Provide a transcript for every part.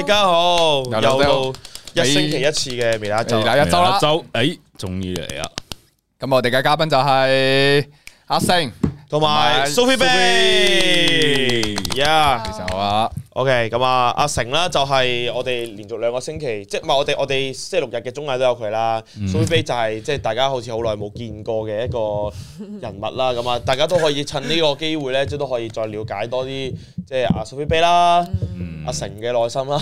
大家好，又到 Hello, 一,一星期一次嘅微辣，微辣一周啦，一周，誒、哎，終於嚟啦，咁我哋嘅嘉賓就係阿丞同埋 Sophie Bae，yeah，非常好啊。OK，咁啊，阿成啦，就係我哋連續兩個星期，即係唔係我哋我哋星期六日嘅綜藝都有佢啦。蘇菲就係即係大家好似好耐冇見過嘅一個人物啦。咁啊，大家都可以趁呢個機會咧，即係都可以再了解多啲即係阿蘇菲啦，阿成嘅內心啦。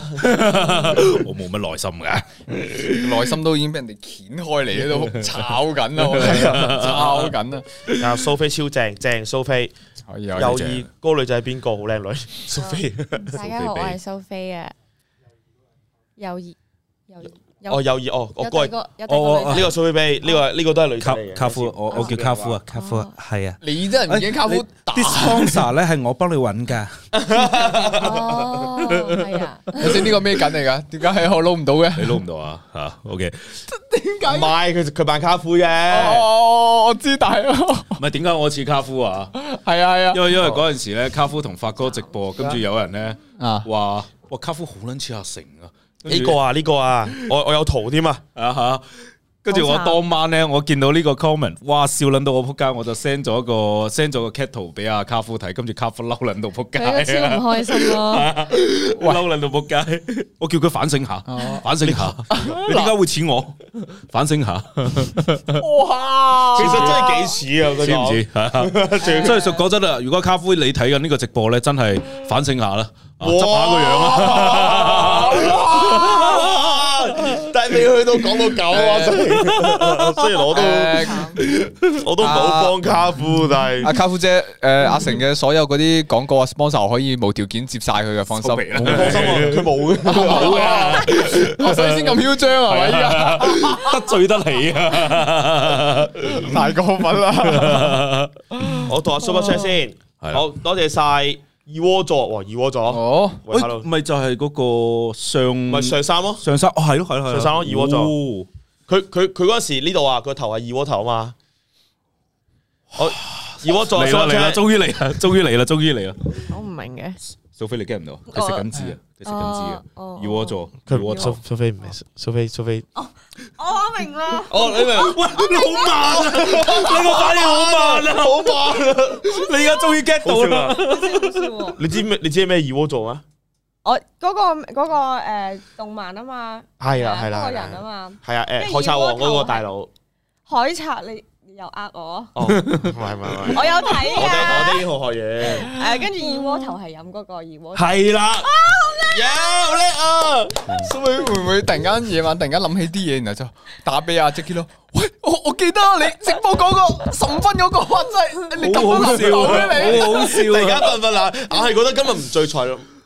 我冇乜內心㗎，內心都已經俾人哋掀開嚟都炒緊啦，炒緊啦。阿蘇菲超正，正蘇菲，有意嗰女仔係邊個好靚女？蘇菲。大家好，我係蘇菲啊，猶豫，猶豫。哦，有耳哦，我過，我呢個送俾呢個呢個都係女卡卡夫，我我叫卡夫啊，卡夫啊，係啊，你真係唔見卡夫，啲康莎咧係我幫你搵噶，哦，係你哋呢個咩梗嚟噶？點解係我撈唔到嘅？你撈唔到啊？吓，OK，點解？唔係佢佢扮卡夫嘅，哦，我知，但係唔係點解我似卡夫啊？係啊係啊，因為因為嗰陣時咧，卡夫同發哥直播，跟住有人咧話，哇，卡夫好撚似阿成啊！呢個啊呢個啊，我我有圖添啊，啊，啊，啊吓，跟住我當晚咧，我見到呢個 comment，哇笑捻到我仆街，我就 send 咗個 send 咗個截圖俾阿卡夫睇，跟住卡夫嬲捻到仆街，超唔開心咯，嬲捻到仆街，我叫佢反省下，反省下，你點解會似我？反省下，哇，其實真係幾似啊，似唔似？其實真係實講真啦，如果卡夫你睇緊呢個直播咧，真係反省下啦，執下個樣啊。但係未去到講到九啊，雖然我都，我都唔好幫卡夫。但係阿卡夫姐，誒阿成嘅所有嗰啲廣告啊、sponsor 可以無條件接晒佢嘅，放心，放心啊，佢冇啊，我使先咁囂張啊，係咪得罪得你啊？大過份啦！我同阿 Super Chat 先，好多謝晒。二窩座，哇！二窩座，哦，喂，咪就係嗰個上咪上山咯，上山，哦，係咯，係咯，上山咯，二窩唉座，佢佢佢嗰時呢度啊，佢個頭係二窩頭啊嘛，好！二窩座嚟嚟啦，終於嚟啦，終於嚟啦，終於嚟啦，我唔明嘅。蘇菲你 get 唔到，佢食緊字啊，你食緊字啊，二窩座，佢係異蘇蘇菲唔係，蘇菲蘇菲，哦，我明啦，哦你明，喂你好慢啊，你個反應好慢啊，好慢啊，你而家終於 get 到啦，你知咩？你知係咩二窩座啊？我嗰個嗰個誒動漫啊嘛，係啊係啦，個人啊嘛，係啊誒海賊王嗰個大佬，海賊你。又呃我，唔唔、oh, 我有睇啊！我啲好學嘢，誒，跟住二鍋頭係飲嗰個二鍋頭。係啦，好叻，好叻啊！Yeah, 啊 所以會唔會突然間夜晚突然間諗起啲嘢，然後就打俾阿 Jacky 咯？喂，我我記得你直播講，嗰個十五分嗰，嗰個，真係 你咁都諗唔到佢，你好，好笑啊！ 突然間瞓瞓下，我係覺得今日唔聚財咯。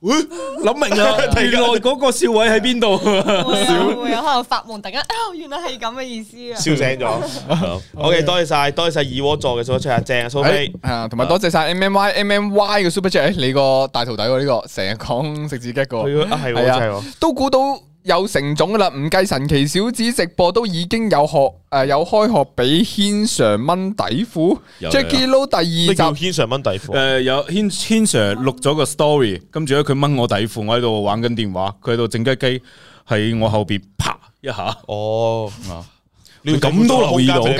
諗 明啊，原來嗰個笑位喺邊度？會有可能發夢，突然間啊，原來係咁嘅意思啊！笑醒咗，OK，多謝晒，多謝耳窩座嘅 Super Chat 正啊，蘇菲，係啊，同埋多謝晒 MMY,、uh. M Y M M Y 嘅 Super Chat 誒，你個大徒弟喎，呢個成日講食字吉個，啊係啊，對都估到。有成種噶啦，唔計神奇小子直播都已經有學誒、呃，有開學俾軒 Sir 掹底褲，Jacky Lou 第二集軒 Sir 掹底褲，誒、呃、有軒軒 Sir 錄咗個 story，跟住咧佢掹我底褲，我喺度玩緊電話，佢喺度靜雞雞喺我後邊啪一下。哦。嗯咁都留意到，象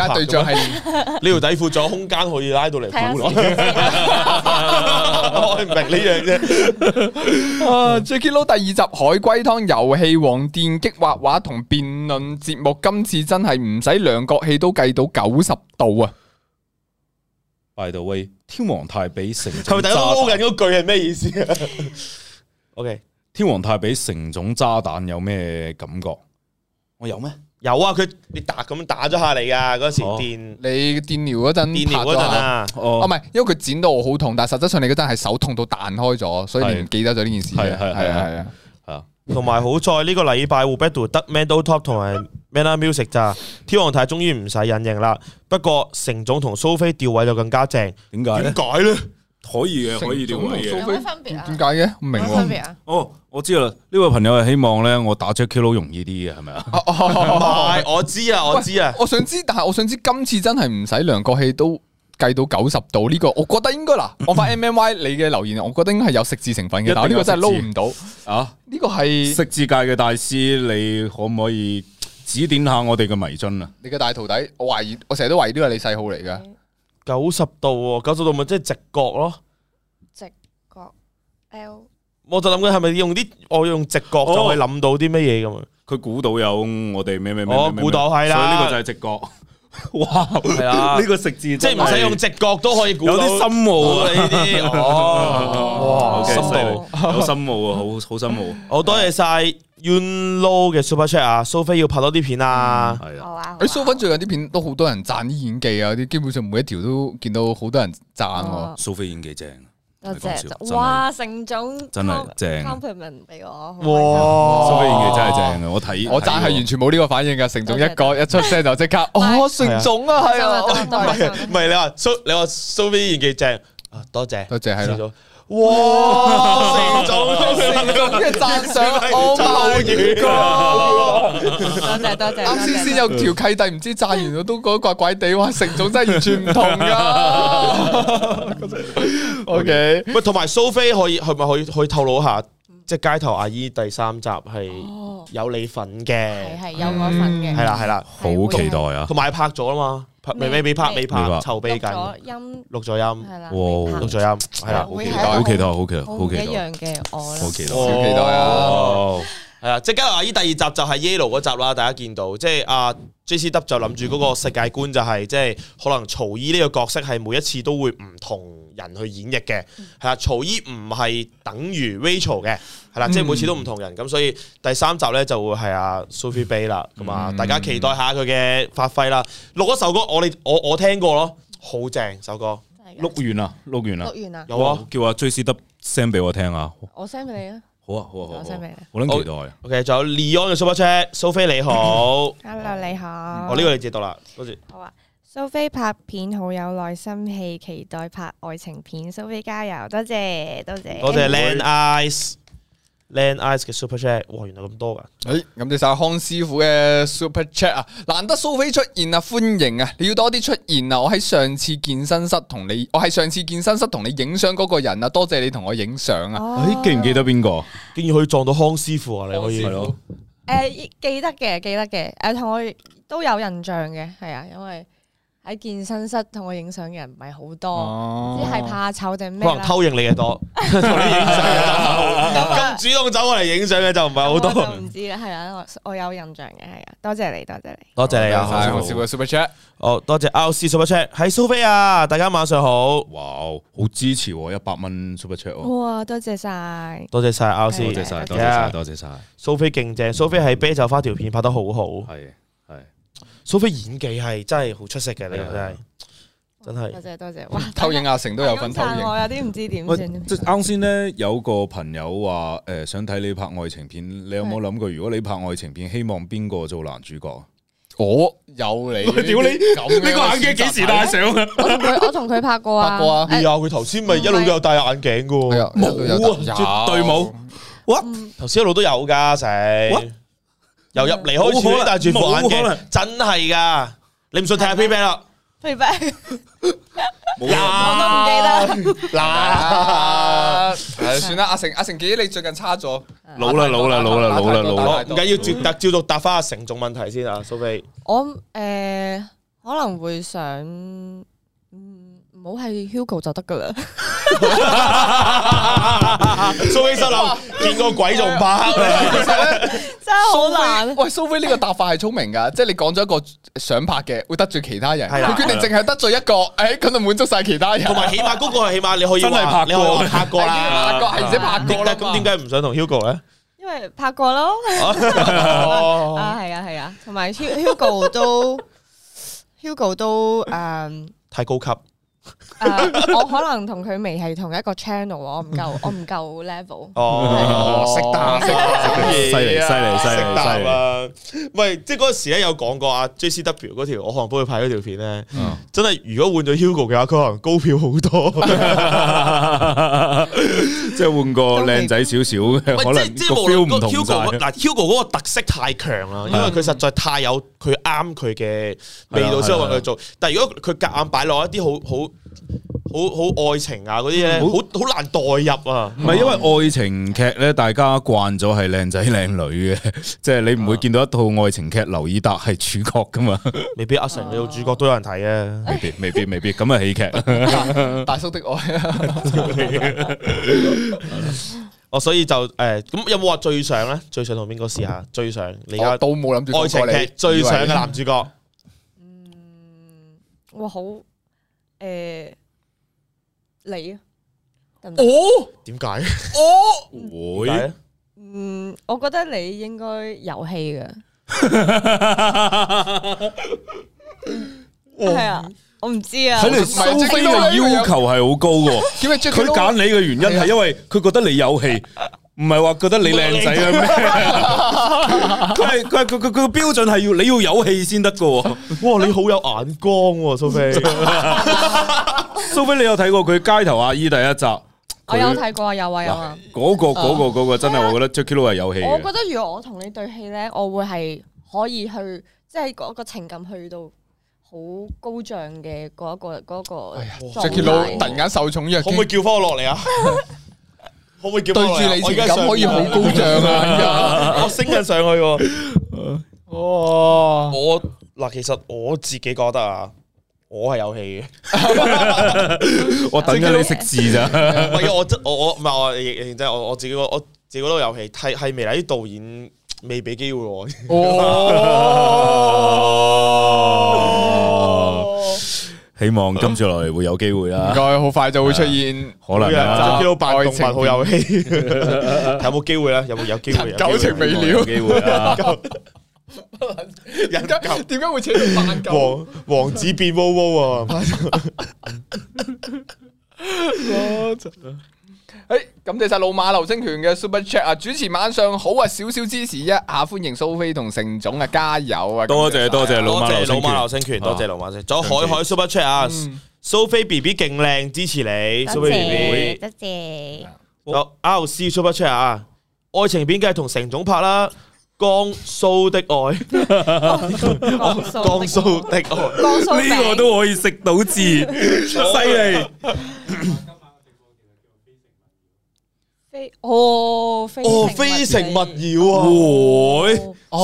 係呢條底褲仲有空間可， 可以拉到嚟，好耐 我唔明呢樣啫。最 k e 佬第二集《海龜湯》、遊戲王、電擊畫畫同辯論節目，今次真係唔使兩國戲都計到九十度啊！By the way，天王皇太比成，係咪大家撈緊嗰句係咩意思啊？O K，天皇太比成種渣彈 有咩感覺？ 我有咩？有啊，佢跌打咁打咗下嚟啊。嗰時電，哦、你電療嗰陣拍咗啊，哦，唔係、啊，因為佢剪到我好痛，但係實質上你嗰陣係手痛到彈開咗，所以你唔記得咗呢件事嘅，係啊係啊係啊，啊，同埋好在呢個禮拜 battle 得 Middle Talk 同埋 Middle music 咋，天王太終於唔使隱形啦，不過丞總同蘇菲調位就更加正，點解？點解咧？可以嘅，可以點嚟嘅，有咩分別啊？點解嘅？唔明啊？哦，我知道啦。呢位朋友係希望咧，我打出 Q l o 容易啲嘅，係咪啊？我知啊，我知啊。我想知，但係我想知，今次真係唔使量角器都計到九十度呢個，我覺得應該嗱， 我發 M M Y 你嘅留言，我覺得應該係有食字成分嘅，但係呢個真係撈唔到啊！呢個係食字界嘅大師，你可唔可以指點下我哋嘅迷津啊？你嘅大徒弟，我懷疑，我成日都懷疑呢個係你細號嚟噶。嗯九十度喎，九十度咪即係直角咯，直角 L。我就諗佢係咪用啲我用直角就可以諗到啲乜嘢咁啊？佢估、哦、到有我哋咩咩咩，估、哦、到係啦，所以呢個就係直角。的 哇，係啊！呢個食字即係唔使用直覺都可以估，有啲深奧啊！呢啲，哦，哇，好深奧，好深奧，好好深奧。好多謝晒 Yun Lo 嘅 Super Chat 啊，蘇菲要拍多啲片啊，係啊。誒，蘇菲最近啲片都好多人讚啲演技啊，啲基本上每一條都見到好多人讚，蘇菲演技正。多謝！哇，盛總真係正，compliment 俾我。哇，蘇菲演技真係正啊！我睇我真係完全冇呢個反應噶，盛總一個一出聲就即刻，哦，成總啊，係啊，唔係你話蘇你話蘇菲演技正啊？多謝多謝，係。哇！成種成種嘅讚賞，我冇嘢噶。多謝多謝。啱先先有條契弟，唔知炸完都覺得怪怪地，話成種真係完全唔同噶。O K，喂，同埋蘇菲可以，係咪可以可以透露下，即係街頭阿姨第三集係有你份嘅？係係、哦、有我份嘅，係啦係啦，好的的期待啊！同埋拍咗啊嘛。未未未拍未拍籌備緊，錄音。錄咗音係啦，錄咗音係啦。好期待好期待，好期好期待，一樣嘅愛好期待好期待啊。係啊，即係加阿姨第二集就係耶魯嗰集啦，大家見到即係阿 JCW 就諗住個世界觀，就係即係可能曹衣呢個角色係每一次都會唔同人去演譯嘅，係啦，曹伊唔係等於 Rachel 嘅，係啦，即係每次都唔同人，咁所以第三集咧就會係阿 Sophie Bay 啦，咁啊，大家期待下佢嘅發揮啦。錄一首歌我哋我我聽過咯，好正首歌，錄完啦，錄完啦，錄完啦，有啊，叫阿 J C 得 send 俾我聽啊，我 send 俾你啊，好啊好啊好啊，好能期待啊。OK，仲有 Leon 嘅 Super Chat，Sophie 你好，Hello 你好，我呢個你接到啦，多謝。好啊。蘇菲拍片好有耐心，氣期待拍愛情片。蘇菲加油，多謝多謝，多謝 Lan Ice Lan Ice 嘅 super chat。哇，原來咁多噶。誒、欸，咁你晒康師傅嘅 super chat 啊，難得蘇菲出現啊，歡迎啊，你要多啲出現啊。我喺上次健身室同你，我係上次健身室同你影相嗰個人啊。多謝你同我影相啊。誒、哦欸，記唔記得邊個、啊？竟然可以撞到康師傅啊！你可以，誒記得嘅，記得嘅，誒同我都有印象嘅，係啊，因為。喺健身室同我影相嘅人唔係好多，只係怕醜定咩？可能偷影你嘅多，同你影相咁主動走過嚟影相嘅就唔係好多。唔知啦，係啊，我有印象嘅，係啊，多謝你，多謝你，多謝你啊！Super Chat，多謝 Alex Super Chat，係蘇菲，大家晚上好。哇，好支持，一百蚊 Super Chat。哇，多謝晒，多謝晒 Alex，多謝晒，多謝晒，蘇菲勁正，蘇菲喺啤酒花條片拍得好好，係。蘇菲演技係真係好出色嘅，你真係真係多謝多謝，哇！投影阿丞，都有份投影，我有啲唔知點，即係啱先咧，有個朋友話誒想睇你拍愛情片，你有冇諗過？如果你拍愛情片，希望邊個做男主角？我有你，屌你咁？呢個眼鏡幾時戴上？我同我同佢拍過啊，拍過啊。係啊，佢頭先咪一路都有戴眼鏡嘅，冇啊，絕對冇。what 頭先一路都有噶，阿丞。由入嚟開始戴住副眼鏡，真係噶！你唔想睇下 P P 啦？P P，我都唔記得。嗱，算啦，阿成阿成，記得你最近差咗。老啦老啦老啦老啦老咯，唔緊要照答，照到答翻阿成仲問題先啊，蘇菲。我誒，可能會想。唔好係 Hugo 就得噶啦，蘇菲失樓，見個鬼仲拍，真係好難。喂，蘇菲呢個答法係聰明噶，即係你講咗一個想拍嘅會得罪其他人，係啊，佢決定淨係得罪一個，誒，咁就滿足晒其他人。同埋起碼嗰個係起碼你可以真係拍過，拍過啦，拍過係只拍過啦。咁點解唔想同 Hugo 咧？因為拍過咯，係啊係啊，同埋 Hugo 都 Hugo 都誒，太高級。 uh, 我可能同佢未係同一個 channel，我唔夠，我唔夠 level、oh。哦，識打字，識打字，犀利，犀利，犀利。啦。喂，即係嗰時咧有講過阿 J C W 嗰條，我可能幫佢拍嗰條片咧，真係如果換咗 Hugo 嘅話，佢可能高票好多。即係換個靚仔少少可能係即係無唔 Hugo 嗱，Hugo 嗰個特色太強啦，因為佢實在太有佢啱佢嘅味道，先揾佢做。但係如果佢夾硬擺落一啲好好。好好愛情啊，嗰啲嘢，好好，好難代入啊。唔係因為愛情劇咧，大家慣咗係靚仔靚女嘅，即 係你唔會見到一套愛情劇劉以達係主角噶嘛、啊未？未必阿丞你做主角都有人睇啊？未必未必未必咁係喜劇《哎、 大叔的愛》啊！我 所以就誒咁、欸、有冇話最想咧？最想同邊個試下？嗯、最想，你而家都冇諗住愛情劇最想嘅男主角。嗯，哇好！誒，你哦？點解？哦，會？嗯，我覺得你應該有戲嘅。係啊，我唔知啊。睇嚟蘇菲嘅要求係好高嘅。點解？佢揀你嘅原因係因為佢覺得你有戲。唔係話覺得你靚仔啊咩？佢係佢佢佢佢標準係要你要有氣先得噶。哇，你好有眼光，啊，蘇菲。蘇菲，你有睇過佢街頭阿姨第一集？我有睇過，有啊，有啊。嗰、 那個，嗰、那個，嗰、那個真係我覺得 Jacky Lou 係有氣。我覺得如果我同你對戲咧，我會係可以去，即係嗰個情感去到好高漲嘅嗰一個，那個。Jacky Lou、哎、突然間受寵若驚，可唔可以叫翻我落嚟啊？ 可唔可以叫我對住你而家咁可以好高漲啊！ 我升緊上去喎，哇！我嗱，其實我自己覺得啊，我係有戲嘅。我等緊你食字咋？唔係 我，我我唔係我，認真我我,我,我自己，我自己嗰度有戲。係係未嚟啲導演未俾機會我。 希望今次來會有機會啦，應該好快就會出現，啊、可能愛情好有戲，有冇機會咧？ 有冇有機會？有，有會，情未了，機會啊！ 人家點解會扯？會駕駕駕王王子變巫巫啊！ 誒，感謝晒老馬流星拳嘅 Super Chat 啊，主持晚上好啊，少少支持一下，歡迎蘇菲同成總啊，加油啊！多謝多謝老馬，謝老馬流星拳，多謝老馬先。仲有海海 Super Chat 啊，蘇菲 B B 勁靚，支持你，蘇菲 B B，多謝。好，R C Super Chat 啊，愛情片梗係同成總拍啦，《江蘇的愛》，江蘇的愛，呢個都可以食到字，犀利。哦，哦，非誠勿擾啊，犀利喎，咁、哦哦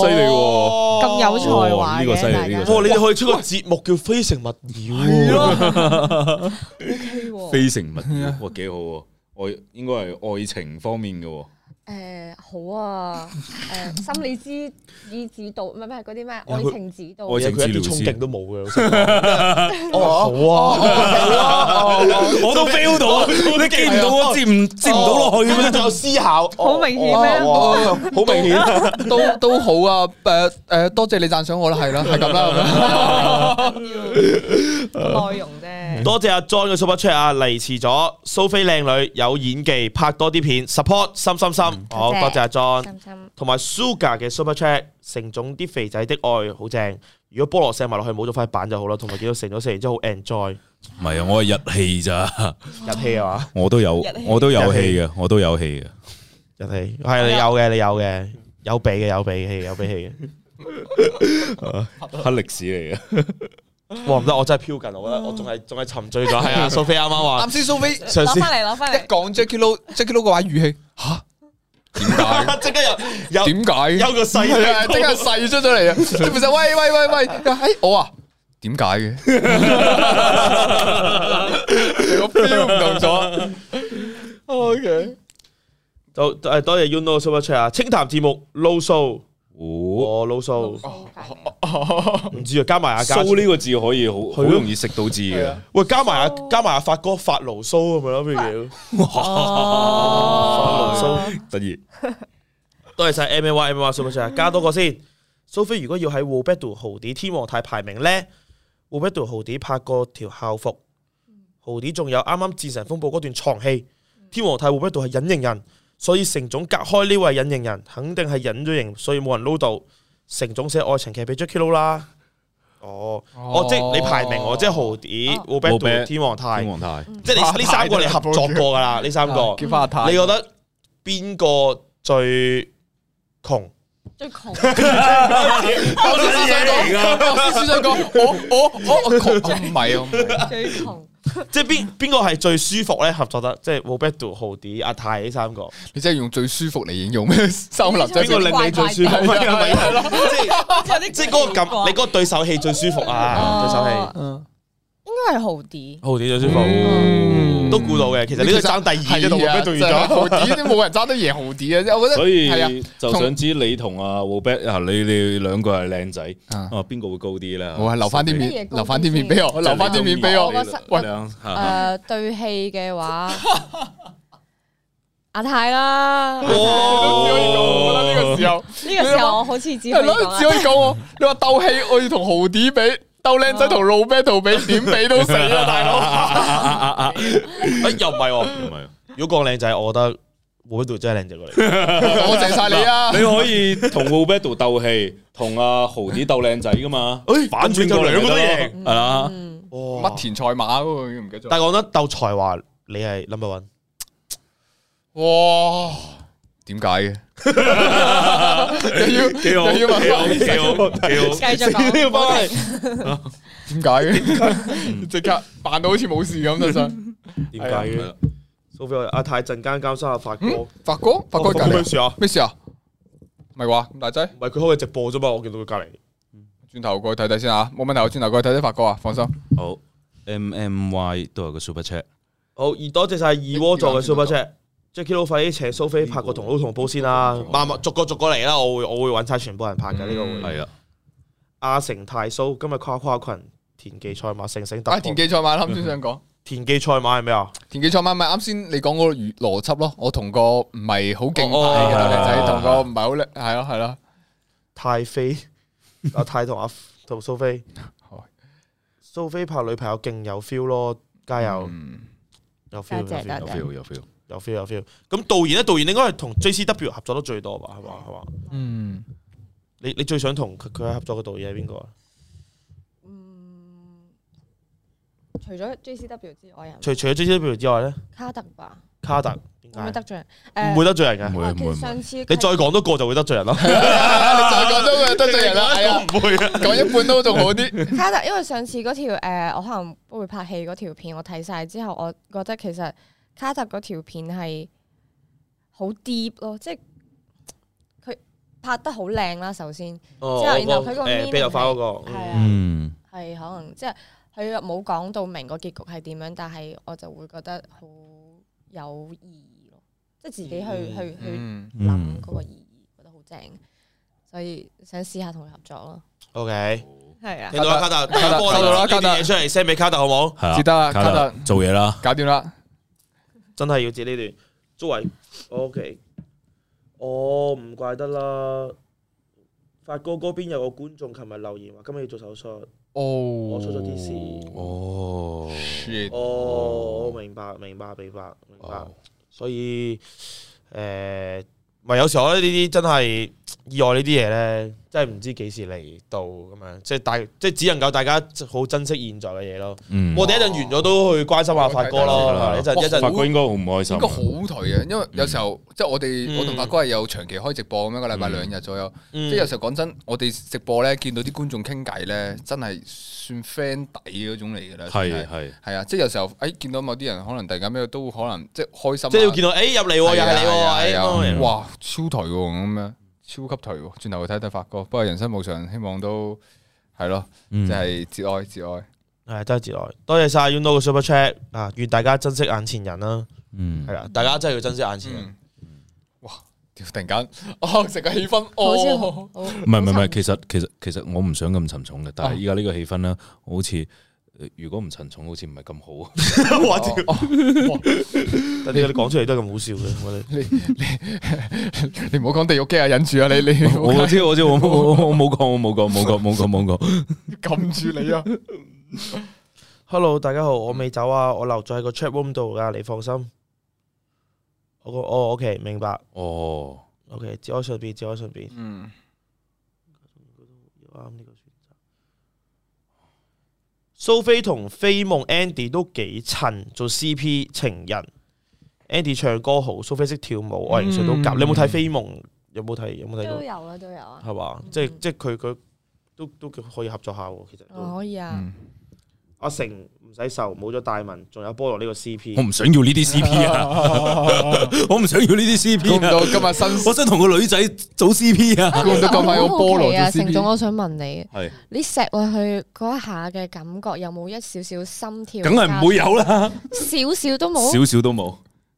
哦、有才華，呢、哦這個犀利，呢個、哦，哇，你哋可以出個節目叫《非誠勿擾》，非誠勿擾，幾、啊 okay 哦、好，愛，應該係愛情方面嘅。誒，好啊！誒，心理諮指導唔係嗰啲咩愛情指導，愛情治療，佢一啲衝勁都冇嘅。哦，好啊，我都 feel 到啊，你接唔到啊，接唔接唔到落去啊，就思考，好明顯咩？好明顯，都都好啊！誒誒，多謝你讚賞我啦，係啦，係咁啦，要內容。多謝阿 John 嘅 Super Chat，啊，嚟遲咗蘇菲靚女有演技，拍多啲片 Support，心心心，好多，謝多謝阿 John 深深。同埋 Sugar 嘅 Super Chat，成種啲肥仔的愛好正。如果菠蘿射埋落去，冇咗塊板就好啦。同埋見到成咗成然之好 enjoy。唔係啊，我係日戲咋？日戲啊？我都有，我都有戲嘅氣，我都有戲嘅。日戲係你有嘅，你有嘅，有俾嘅，有俾戲，有俾戲嘅，黑歷 史嚟嘅。 話唔得，我真係飄緊，我覺得我仲係仲係沉醉咗。係啊，蘇菲啱啱話。啱先，蘇菲嘗試，一講 Jacky Lou，Jacky Lou 嘅話語氣吓，點解？即刻又又點解？有個細，即刻細出咗嚟啊！即係喂喂喂喂，哎，我啊，點解嘅？我飄唔同咗。O K，就誒，多謝 You Know Super Chat 啊！清談節目 Low Show。哦，露蘇，唔知啊，加埋阿蘇呢個字可以好好容易食到字嘅。喂，加埋阿加埋阿法哥發牢蘇係咪咯？咩嘢？哇，露蘇得意，多謝晒 M A Y M A Y 唔博士，加多個先。蘇菲如果要喺《Who Battle Hoodie》天王太排名咧，《Who Battle Hoodie》拍過條校服，《Hoodie》仲有啱啱《戰神風暴》嗰段床戲，《天王太 Who Battle》係隱形人。所以成種隔開呢位隱形人，肯定係隱咗形，所以冇人撈到。成種寫愛情劇俾 Jackie 撈啦。哦，哦，即係你排名，我即係 Hoodie、w 天王太，即係呢三個你合作過噶啦，呢三個。你覺得邊個最窮？最窮啊！我先輸真我我我我唔係啊，最窮。 即係邊邊個係最舒服咧？合作得即係 Wade Hoodie 阿泰呢三個，你真係用最舒服嚟形容咩？收立，邊個令你最舒服？係咯，即係即係嗰個感， 你嗰個對手戲最舒服 啊！對手戲。啊。應該係豪啲，豪啲最舒服，都估到嘅。其實你都爭第二嘅地仲完咗，豪啲都冇人爭得贏豪啲啊！我覺得，所以就想知你同阿 w a b a c 啊，你哋兩個係靚仔啊，邊個會高啲咧？我係留翻啲面，留翻啲面俾我，留翻啲面俾我。喂，誒，對戲嘅話，阿泰啦。哦，呢個時候，呢個時候我好似只可以只可以講我。你話鬥戲，我要同豪啲比。鬥靚仔同 Roberto 鬥比，點 比都死啊！大佬，誒、 哎、又唔係、啊，如果講靚仔，我覺得我呢度真係靚仔過嚟，我謝晒你啊！你可以同 Roberto 鬥氣，同阿、啊、豪子鬥靚仔噶嘛？誒、哎，反轉咗兩個都贏，係啦、嗯，乜田賽馬？唔記得咗。但係我覺得鬥才華，你係 number one，哇！點解嘅？繼續講，點解嘅？點解？即刻扮到好似冇事咁就，點解嘅？蘇菲阿泰陣間交心下，發哥，發哥，發哥，發哥，咩事啊？咩事啊？唔係啩？咁大仔，唔係佢開嘅直播啫嘛？我見到佢隔籬，轉頭過去睇睇先吓，冇問題。轉頭過去睇睇發哥啊，放心。好，M M Y 都有個 super chat，好，而多謝晒二窩座嘅 super chat。即係 Kilo 飛蘇菲拍個同好同胞先啦，慢逐個逐個嚟啦，我會我會揾晒全部人拍嘅呢、這個會。係、嗯、啊，阿、啊、丞泰蘇今日跨跨群田忌賽馬，醒醒得。阿 田忌賽馬，馬，啱、嗯、先想講田忌賽馬係咩啊？田忌賽馬咪啱先你講嗰個邏輯咯，我同個唔係好勁嘅仔，同、oh, oh, yeah, 個唔係好叻，係咯係咯。泰菲阿泰同阿同蘇菲，蘇菲拍女朋友勁有 feel 咯，加油！嗯、有 feel，有 feel，有 feel。有 feel 有 feel，咁導演咧，導演你應該係同 JCW 合作得最多吧？係嘛係嘛？嗯，你你最想同佢佢合作嘅導演係邊個啊？嗯，除咗 JCW 之外，人除咗 JCW 之外咧，卡特吧。卡特點解唔會得罪人？誒，唔會得罪人嘅，會唔會。上次你再講多個就會得罪人咯。你再講多個得罪人咯，我唔會嘅，講一半都仲好啲。卡特，因為上次嗰條誒，我可能會拍戲嗰條片，我睇晒之後，我覺得其實。卡特嗰條片係好 deep 咯，即係佢拍得好靚啦。首先，哦，然後佢個、呃、比較快嗰個，係啊是，係、嗯、可能即係佢冇講到明個結局係點樣，但係我就會覺得好有意義咯，即係自己去、嗯、去去諗嗰個意義，覺得好正，所以想試下同佢合作咯。OK，係啊，聽到啦，卡特，卡特，卡特，出嚟 send 俾卡特好冇？係得啦，卡特做嘢啦，搞掂啦。真係要接呢段，周偉，O K，哦，唔、okay. oh, 怪得啦，發哥嗰邊有個觀眾琴日留言話，今日要做手術，哦，oh, 我出咗啲事，哦、oh，shit，哦，我明白明白明白明白，所以，誒、呃，咪有時候咧呢啲真係。意外呢啲嘢咧，真係唔知幾時嚟到咁樣，即係大，即係只能夠大家好珍惜現在嘅嘢咯。我哋一陣完咗都去關心下發哥咯，一陣一陣發哥應該好唔開心，應該好頹嘅，因為有時候即係我哋我同發哥係有長期開直播咁樣，一個禮拜兩日左右，即係有時候講真，我哋直播咧見到啲觀眾傾偈咧，真係算 friend 底嗰種嚟㗎啦，係係啊！即係有時候誒見到某啲人可能突然間咩都可能即係開心，即係要見到誒入嚟又係你，哇超頹咁樣。超級頹，轉頭去睇睇發哥。不過人生無常，希望都係咯，嗯、就係節哀節哀。係，真係節哀，多謝晒。You know，個 super chat 啊，願大家珍惜眼前人啦、啊。嗯，係啦，大家真係要珍惜眼前人。嗯、哇！突然間，我成個氣氛哦，唔係唔係唔係，其實其實其實我唔想咁沉重嘅，但係依家呢個氣氛咧，好似。如果唔沉重，好似唔係咁好。我知，但你你講出嚟都係咁好笑嘅。我你你唔好講地獄機啊，忍住啊，你你我知我知，我我冇講，我冇講，冇講，冇講，冇講。撳住你啊！Hello，大家好，我未走啊，我留咗喺個 chat room 度噶，你放心。我我 OK，明白。哦，OK，節哀順便，節哀順便。嗯。蘇菲同飛夢 Andy 都幾襯做 CP 情人，Andy 唱歌好，蘇菲識跳舞，外形上都夾。你有冇睇飛夢？有冇睇？有冇睇？都有啊吧、嗯，都有啊。係嘛，即係即係佢佢都都可以合作下喎，其實都。可以啊。嗯阿、啊、成唔使愁，冇咗大文，仲有菠蘿呢個 CP，我唔想要呢啲 CP 啊，我唔想要呢啲 CP，今日新，我想同個女仔組 CP 啊，咁都咁快有菠蘿啊，成總，我想問你，係是你錫落去嗰一下嘅感覺，有冇一少少心跳？梗係唔會有啦， 少少都冇，少少都冇。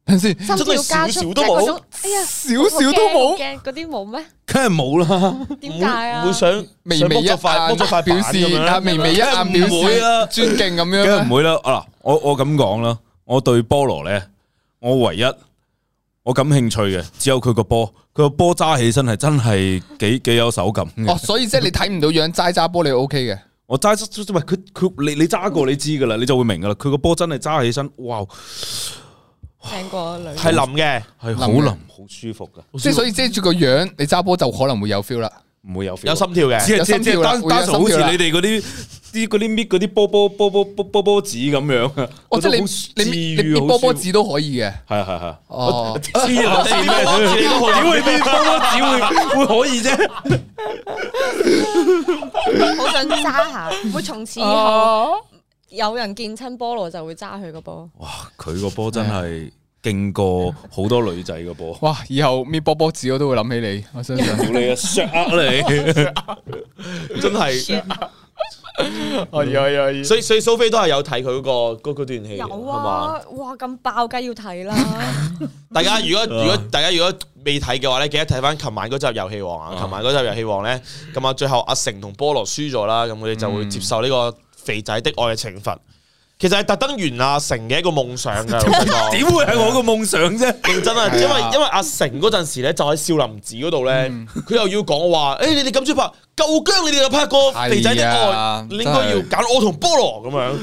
真係，出到少少都冇，哎呀，少少都冇，嗰啲冇咩？梗係冇啦，點解啊？會想微微一，我表示，微微一眼表示，唔會啦，尊敬咁樣，梗係唔會啦。啊，我我咁講啦，我對菠蘿咧，我唯一我感興趣嘅，只有佢個波，佢個波揸起身係真係幾幾有手感哦，所以即係你睇唔到樣齋揸波，你 O K 嘅。我揸喂，佢佢你你揸過你知噶啦，你就會明噶啦。佢個波真係揸起身，哇！聽過女係冧嘅，係好冧，好舒服㗎。即係所以遮住個樣，你揸波就可能會有 feel 啦，唔會有 feel，有心跳嘅，有心跳，只係單單純好似你哋嗰啲啲嗰啲搣嗰啲波波波波波波波子咁樣啊！哦，即係你你你波波子都可以嘅，係啊係啊哦，黐牛嘅，點會波波子會會可以啫？好想揸下，會從此以後有人見親菠蘿就會揸佢個波。哇，佢個波真係～勁過好多女仔嘅噃。哇，以後咩波波子我都會諗起你，我相信。你一削啊你，真係。可以可以。所以所以蘇菲都係有睇佢嗰個段戲。有啊，哇咁爆，梗要睇啦！大家如果如果大家如果未睇嘅話咧，記得睇翻琴晚嗰集《遊戲王》啊！琴晚嗰集《遊戲王》咧，咁啊最後阿丞同菠蘿輸咗啦，咁佢哋就會接受呢個肥仔的愛嘅懲罰。其實係特登圓阿成嘅一個夢想噶，點會係我個夢想啫？認、啊、真啊，因為因為阿成嗰陣時咧，就喺少林寺嗰度咧，佢、嗯、又要講話，誒你哋咁少拍夠姜，你哋拍過肥仔的愛，你應該要揀我同菠蘿咁樣。啊、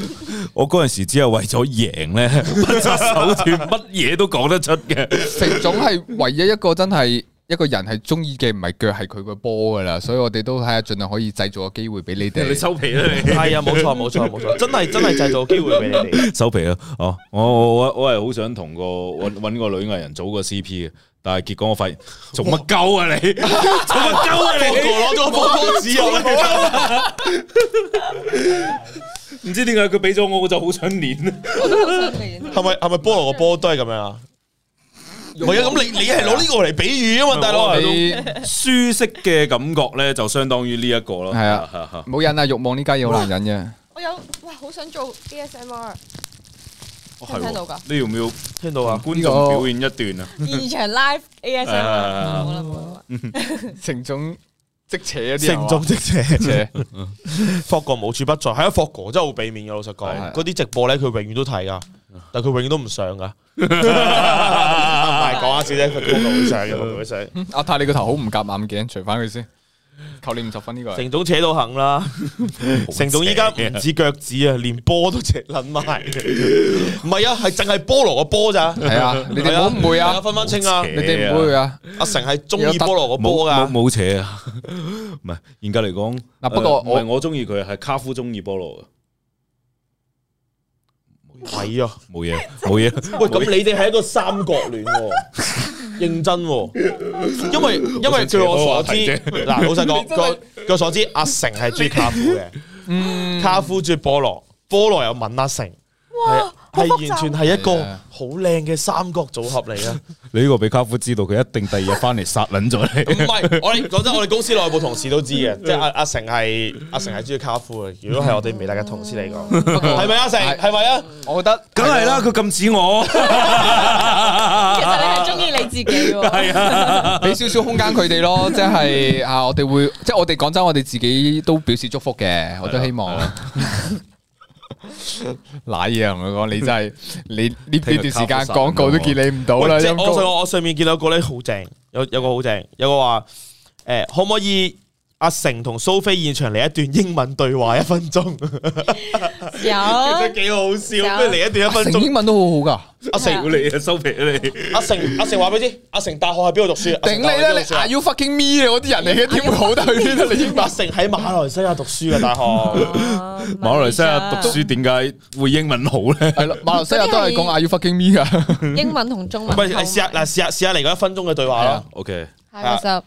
我嗰陣時只係為咗贏咧，不擇手段，乜嘢都講得出嘅。 成總係唯一一個真係。一個人係中意嘅唔係腳係佢個波噶啦，所以我哋都睇下盡量可以製造個機會俾你哋。你收皮啦，你！係啊，冇錯冇錯冇錯，真係真係製造機會俾你哋。收皮啊！哦，我我我係好想同個搵搵個女藝人組個 C P 嘅，但係結果我發現做乜鳩啊你，做乜鳩啊你，我攞咗波波子啊，唔知點解佢俾咗我，我就好想碾，係咪係咪菠蘿個波都係咁樣啊？我而家咁你你係攞呢個嚟比喻啊嘛，大佬，舒適嘅感覺咧就相當於呢一個咯。係啊，係啊，冇忍啊，欲望呢家嘢好難忍嘅。我有哇，好想做 ASMR。我係聽到噶，你要唔要聽到啊？觀眾表演一段啊？現場 live ASMR 冇啦冇啦。程總即扯一啲啊，程總即扯扯。霍哥無處不在，係啊，霍哥真係好避免嘅。老實講，嗰啲直播咧，佢永遠都睇噶，但係佢永遠都唔上噶。阿泰你個頭好唔夾眼鏡，除翻佢先。扣你五十分呢，這個。成總扯到狠啦，成總依家，唔止腳趾啊，連波都扯甩埋。唔係 啊，係淨係菠羅嘅波咋，係啊，啊你哋唔好誤會啊，啊分翻清啊，啊你哋唔會啊。阿成係中意菠羅嘅波噶，冇扯啊。唔係嚴格嚟講，嗱，啊，不過唔係我中意佢，係、呃、卡夫中意菠羅係啊，冇嘢，冇嘢、啊。喂，咁、啊、你哋係一個三角戀喎， 認真、啊，因為因為據我所知，嗱，老實講，個個所知，阿成係追卡夫嘅，你嗯，卡夫追菠蘿，菠蘿又吻阿成，哇！係完全係一個好靚嘅三角組合嚟啊！你呢個俾卡夫知道，佢一定第二日翻嚟殺撚咗你。唔係，我哋講真，我哋公司內部同事都知嘅，即係阿阿成係阿成係中意卡夫嘅。如果係我哋微辣嘅同事嚟講，係咪阿成？係咪啊？我覺得梗係啦，佢咁似我。其實你係中意你自己係啊，俾少少空間佢哋咯，即係啊，我哋會即係我哋講真，我哋自己都表示祝福嘅，我都希望。哪 樣，啊？我講你真係，你呢呢段時間廣告都見你唔到啦。我上、啊、告我上面見到個咧好正，有有個好正，有個話誒，可唔可以？欸阿成同蘇菲現場嚟一段英文對話，一分鐘有，其實幾好笑。跟住嚟一段一分鐘英文都好好噶。阿成你，蘇菲你，阿成阿成話俾你知，阿成大學喺邊度讀書啊？頂你啦！你 are you fucking me 啊？我啲人嚟嘅，點會好得去邊啊？你阿成喺馬來西亞讀書嘅大學，馬來西亞讀書點解會英文好咧？係咯，馬來西亞都係講 are you fucking me 噶。英文同中文唔係，試下嗱，試下試下嚟個一分鐘嘅對話咯。OK，開始。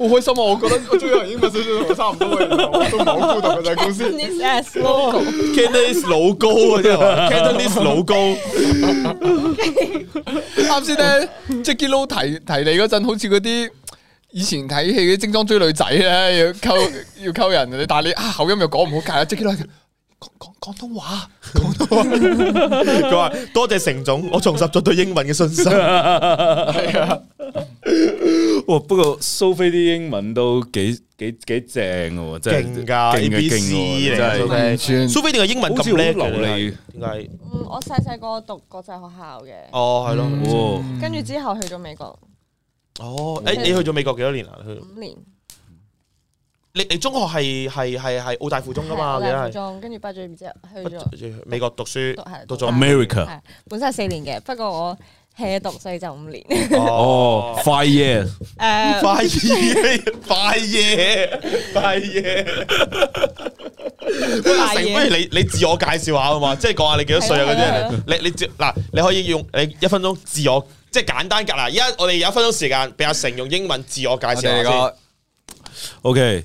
好、哦、開心啊，我覺得我最近音少真係差唔多嘅，我都冇顧到個公司。Candice 老高啊，真係 Candice 老高。啱先咧，Jacky Lou 提提你嗰陣，好似嗰啲以前睇戲嗰啲精裝追女仔咧，要溝要溝人，但你但係你啊口音又講唔好 啊 Jacky Lou。講講廣東話，廣東話。佢話多謝丞總，我重拾咗對英文嘅信心。係啊，哇，不過蘇菲啲英文都幾幾幾正嘅，真係勁噶，ABC 嚟嘅蘇菲點解英文咁叻流利？點解？嗯，我細細個讀國際學校嘅，哦，係咯，跟住之後去咗美國。哦，誒，你去咗美國幾多年啊？五年。你你中學係係係係澳大附中噶嘛？澳大附中，跟住畢業之後去咗美國讀書，讀咗 America，本身係四年嘅，不過我 hea 讀，所以就五年。哦，five year，誒，five year，five year。阿成，不如你你,你自我介紹下啊嘛，即係講下你幾多歲啊嗰啲。你你嗱，你可以用你一分鐘自我，即係簡單噶啦。而家我哋有一分鐘時間，俾阿成用英文自我介紹 O K。Okay, okay.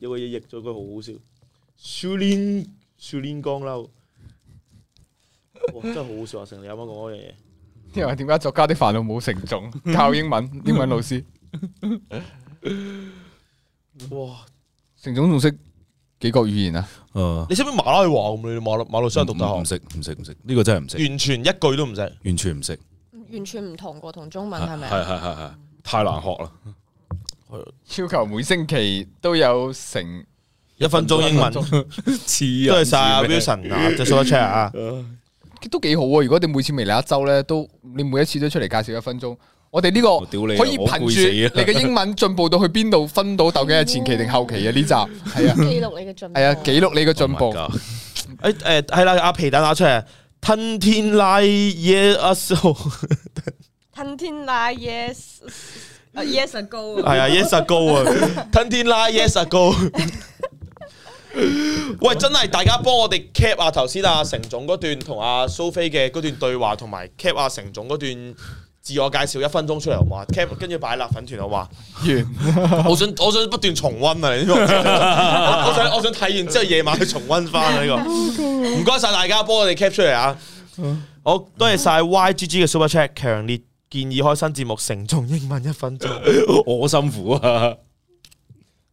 有個嘢譯咗佢好好笑，少年江流，哇真係好好笑啊！成日有乜講嗰嘢，因為點解作家啲煩惱冇成總教英文 英文老師， 哇成總仲識幾國語言啊？你識唔識馬拉話啊？咁你馬，馬路上讀大學唔識唔識唔識，呢個真係唔識，完全一句都唔識，完全唔識，完全唔同過同中文係咪？係係係係，太難學啦！要求每星期都有成一分鐘英文，Netflix 似的 都係十秒神啊！即係 show 出嚟啊，嗯欸、都幾好啊！如果你每次未嚟一周咧，都你每一次都出嚟介紹一分鐘，我哋呢、呢個可以憑住你嘅英文進步到去邊度，分到究竟係前期定後期啊？呢集係啊， 記錄你嘅進係啊，記錄你嘅進步。誒誒， 係啦，阿皮蛋打出嚟，ten 天 layers 啊，so ten 天 layers。Yes，I go 啊！係啊，Yes，I go 啊吞天啦 y e s yes, I go, yeah, yes, I go. Yes, I go. 喂，真係大家幫我哋 cap 啊！頭先阿丞總嗰段同阿蘇菲嘅嗰段對話，同埋 cap 阿丞總嗰段自我介紹一分鐘出嚟，好唔好 cap，跟住擺辣粉團好唔好完， 我想斷 我想不斷重溫啊！我想我想睇完之後夜晚去重溫翻呢個。唔該晒大家幫我哋 cap 出嚟啊！好多謝晒 Y G G 嘅 super chat 強烈。建議開新節目《承重英文一分鐘》， Sophie, 我辛苦啊！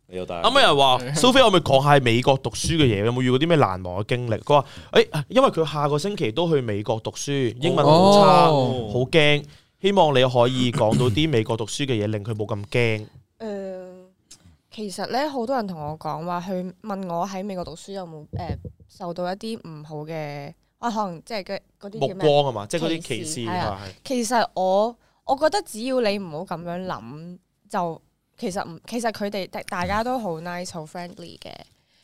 又大啱啱又有人話蘇菲，可唔可以講下美國讀書嘅嘢？有冇遇過啲咩難忘嘅經歷？佢話：誒、欸，因為佢下個星期都去美國讀書，英文好差，好驚、oh.，希望你可以講到啲美國讀書嘅嘢， 令佢冇咁驚。誒、呃，其實咧，好多人同我講話，佢問我喺美國讀書有冇誒、呃、受到一啲唔好嘅。啊，可能即係嗰啲咩目光啊嘛，即係嗰啲歧視。係，其實我我覺得只要你唔好咁樣諗，就其實唔其實佢哋大家都好 nice 好 friendly 嘅。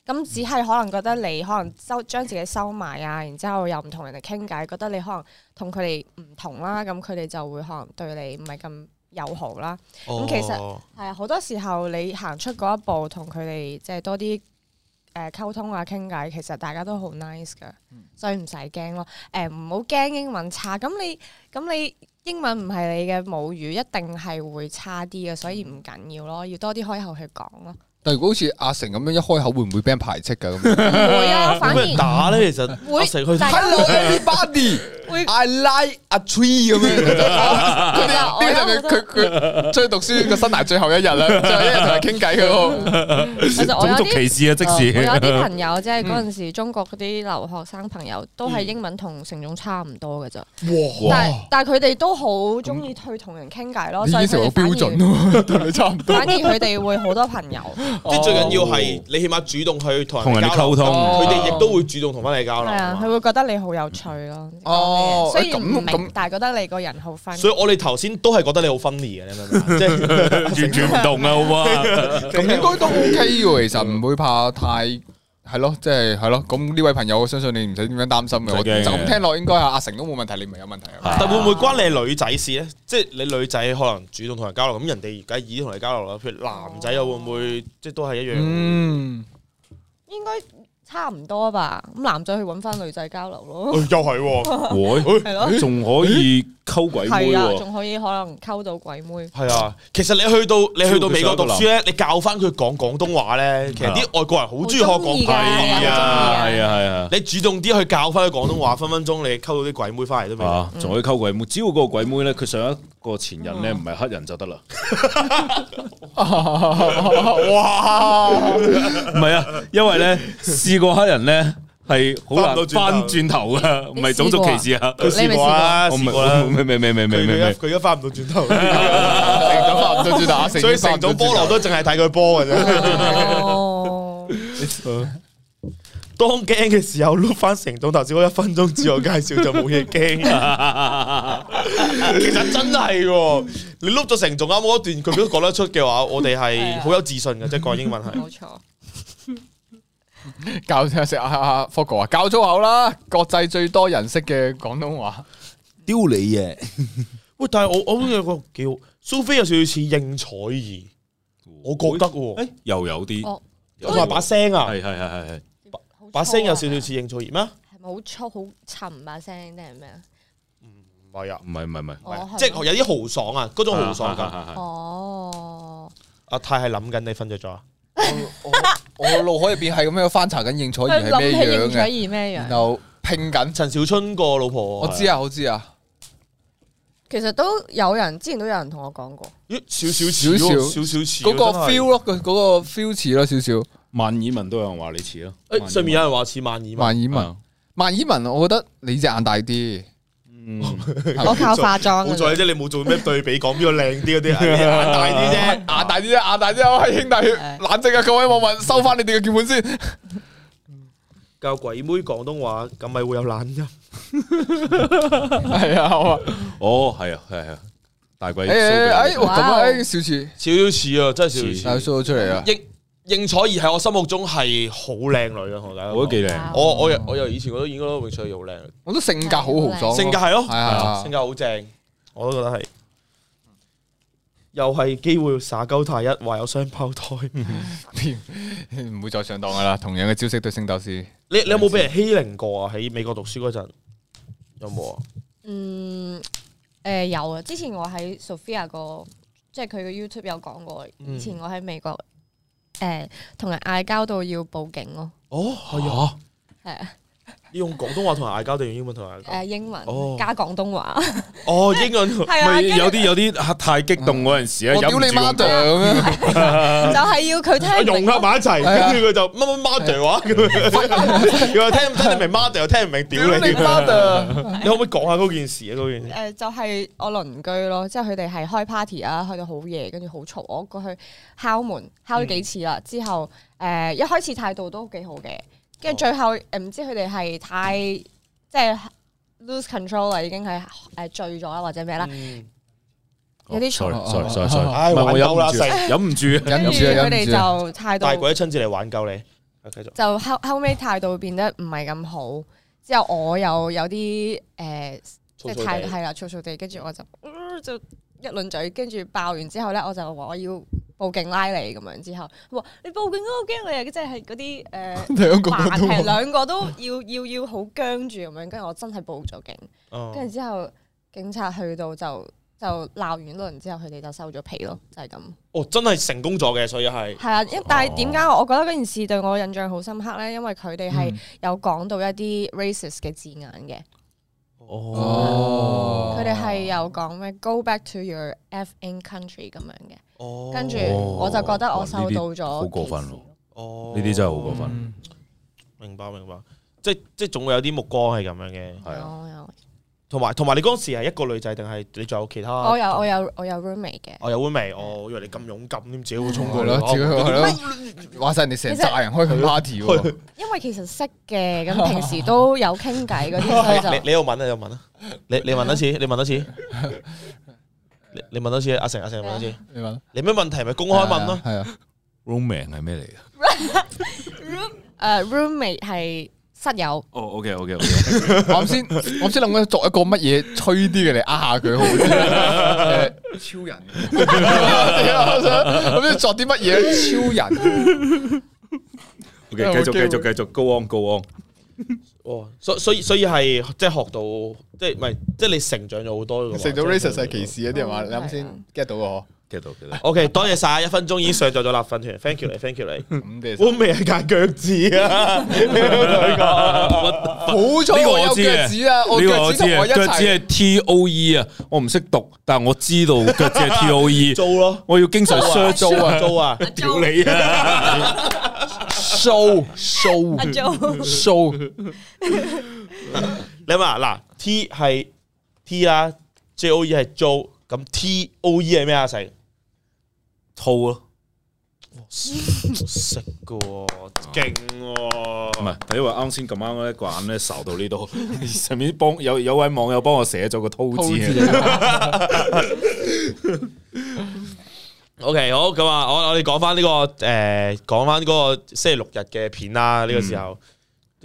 咁只係可能覺得你可能收將自己收埋啊，然之後又唔同人哋傾偈，覺得你可能同佢哋唔同啦。咁佢哋就會可能對你唔係咁友好啦。咁、哦、其實係啊，好多時候你行出嗰一步，同佢哋即係多啲。誒溝通啊，傾偈，其實大家都好 nice 噶，嗯、所以唔使驚咯。誒唔好驚英文差，咁你咁你英文唔係你嘅母語，一定係會差啲嘅，所以唔緊要咯，要多啲開口去講咯。但如果好似阿成咁樣一開口會唔會俾人排斥噶？咁會啊，反而打咧，其實會。Hello everybody，I like a tree 咁樣。呢日佢佢佢出去讀書，個生涯最後一日啦，最後一日同佢傾偈嗰個。其實我有啲歧視啊，即時。有啲朋友即係嗰陣時中國嗰啲留學生朋友都係英文同成眾差唔多嘅咋。但但佢哋都好中意去同人傾偈咯，所以成個標準咯，同佢差唔多。反而佢哋會好多朋友。即最緊要係你起碼主動去同人哋溝通，佢哋亦都會主動同翻你交流。係啊、哦，佢嗎會覺得你好有趣咯。哦，雖然唔明，但係覺得你個人好 funny。所以，我哋頭先都係覺得你好 funny 嘅，即 完全唔同啊！哇，咁應該都 OK 喎，其實唔會怕太。係咯，即係係咯，咁、就、呢、是、位朋友，我相信你唔使點樣擔心嘅。我就咁聽落，應該阿丞都冇問題，你唔係有問題。啊、但會唔會關你女仔事咧？即係你女仔可能主動同人交流，咁人哋而家已經同你交流啦。譬如男仔又會唔會，哦、即係都係一樣。嗯，應該差唔多吧？咁男仔去搵翻女仔交流咯。哎、又係喎，係仲可以咦。溝啊，仲可以可能溝到鬼妹。係啊，其實你去到你去到美國讀書咧，你教翻佢講廣東話咧，其實啲外國人好中意學國牌，係啊，係啊，你主動啲去教翻佢廣東話，分分鐘你溝到啲鬼妹翻嚟都冇。仲可以溝鬼妹，只要個鬼妹咧，佢上一個前任咧唔係黑人就得啦。哇，唔係啊，因為咧試過黑人咧。係好難翻轉頭噶，唔係種族歧視啊！佢試過啦，我唔啦，明佢而家翻唔到轉頭，所以成種菠蘿都淨係睇佢波噶啫。哦，當驚嘅時候碌翻成種頭先，我一分鐘自我介紹就冇嘢驚。其實真係，你碌咗成仲啱一段，佢都講得出嘅話，我哋係好有自信嘅，即係講英文係冇錯。教識阿阿福哥啊，教粗口啦！國際最多人識嘅廣東話，丟你嘢！喂，但係我我都有個叫蘇菲有少少似應采兒，我覺得誒又有啲，我話把聲啊，係係係係係，把把聲有少少似應采兒咩？係咪好粗好沉把聲定係咩啊？唔係啊，唔係唔係唔係，即係有啲豪爽啊，嗰種豪爽㗎。哦，阿泰係諗緊你瞓着咗啊？我腦海入邊係咁樣翻查緊應采兒係咩樣咩，然後拼緊陳小春個老婆。我知啊，我知啊。其實都有人之前都有人同我講過，咦，少少少少少少似嗰個 feel 咯，嗰嗰個 feel 似咯，少少萬綺雯都有人話你似咯。誒，上面有人話似萬綺雯。萬綺雯？萬綺雯？我覺得你隻眼大啲。嗯、 我靠化妝，冇在啫，你冇做咩對比講邊個靚啲嗰啲，眼大啲啫，眼大啲啫，眼大啲，我係兄弟，冷靜啊，各位網民，收翻你哋嘅鍵盤先，教鬼妹廣東話，咁咪會有懶音，係 啊，好、哦、啊，哦，係啊，係啊，大鬼，哎、 欸，哎、欸，咁、欸、啊，少少次，少少次啊，真係少少次，數到出嚟啊，億。應采兒喺我心目中係好靚女咯，我覺得我都幾靚。我我又我又以前我都認為應采兒好靚，我覺得性格好豪爽，性格係咯、哦，嗯、性格好正，我都覺得係。又係機會耍鳩太一，話有雙胞胎，唔 會再上當噶啦。同樣嘅招式對聖鬥士，你你有冇俾人欺凌過啊？喺美國讀書嗰陣有冇啊？嗯，誒、呃、有啊。之前我喺 Sophia 個即係佢嘅 YouTube 有講過，以前我喺美國。嗯誒，同、呃、人嗌交到要報警咯。哦，係啊，係啊。用廣東話同人嗌交定用英文同人嗌交？誒英文加廣東話哦，哦、英文係咪有啲有啲太激動嗰陣時啊，屌你媽，咁樣就係要佢聽融合埋一齊，跟住佢就乜乜媽屌話，佢又聽唔、嗯、聽得明媽屌，又聽唔明屌你媽屌！你可唔可以講下嗰件事啊？嗰件事誒就係我鄰居咯，即係佢哋係開 party 啊，去到好夜，跟住好嘈，我過去敲門敲咗幾次啦，之後誒一開始態度都幾好嘅。跟住最後誒唔知佢哋係太即係、就是、lose control 啦，已經係誒醉咗或者咩啦，嗯、有啲錯錯錯錯，我有住，忍唔在住。跟住佢哋就態度大、啊、鬼親自嚟挽救你。Okay, 繼續就後後尾態度變得唔係咁好，之後我又有啲誒即係太係啦嘈嘈地，跟住我就、呃、就一輪嘴，跟住爆完之後咧，我就話我要。報警拉你咁樣之後，哇！你報警我都驚，你哋即係嗰啲誒，難題兩個都要要要好僵住咁樣，跟住我真係報咗警，跟住、哦、之後警察去到就就鬧完輪之後，佢哋就收咗皮咯，就係、是、咁。哦，真係成功咗嘅，所以係係啦，但係點解我我覺得嗰件事對我印象好深刻咧？因為佢哋係有講到一啲 racist 嘅字眼嘅。哦，佢哋係有講咩？Go back to your FN country 咁樣嘅，跟住，oh，我就覺得我受到咗，好過分咯！哦，呢啲真係好過分，過分，嗯、明白明白，即即總會有啲目光係咁樣嘅，係啊。同埋同埋，你嗰時係一個女仔定係你仲有其他？我有我有我有 roommate 嘅。我有 roommate，我以為你咁勇敢，點知會衝過嚟？話晒你成扎人開佢 party，因為其實識嘅，咁平時都有傾偈嗰啲。你你又問啊？又問啊？你你問多次？你問多次？你你問多次？阿成阿成問多次？你問？你咩問題咪公開問咯？係啊，roommate 係咩嚟噶？room 誒，roommate 係。室友哦，OK OK OK， 我先我先諗緊作一個乜嘢吹啲嘅嚟呃下佢好，啲、欸 。超人咁要作啲乜嘢超人？OK，繼續繼續繼續，Go on Go on，哦，所以所以所以係即係學到，即係唔係即係你成長咗好多嘅，成咗 racist 歧視啊啲人話，哦、你啱先 get 到我。哦」啊 O K，多謝晒，一分鐘已經上咗咗立分添，Thank you 你，Thank you 你，我未係夾腳趾啊，好彩我有腳趾啊，呢個我知啊，腳趾係 T O E 啊，我唔識讀，但係我知道腳趾係 T O E 咯，我要經常 share 啊，做啊，屌你啊，show show show，你話嗱 T 係 T 啊，J O E 係 Joe，咁 T O E 係咩啊？成？濤咯，我食過，勁喎。唔係，因為啱先咁啱咧， 剛剛一個眼咧受到呢度， 上面幫有有位網友幫我寫咗個濤字。O、okay, K，好咁啊，我我哋講翻呢個誒，講翻嗰個星期六日嘅片啦，呢、這個時候。嗯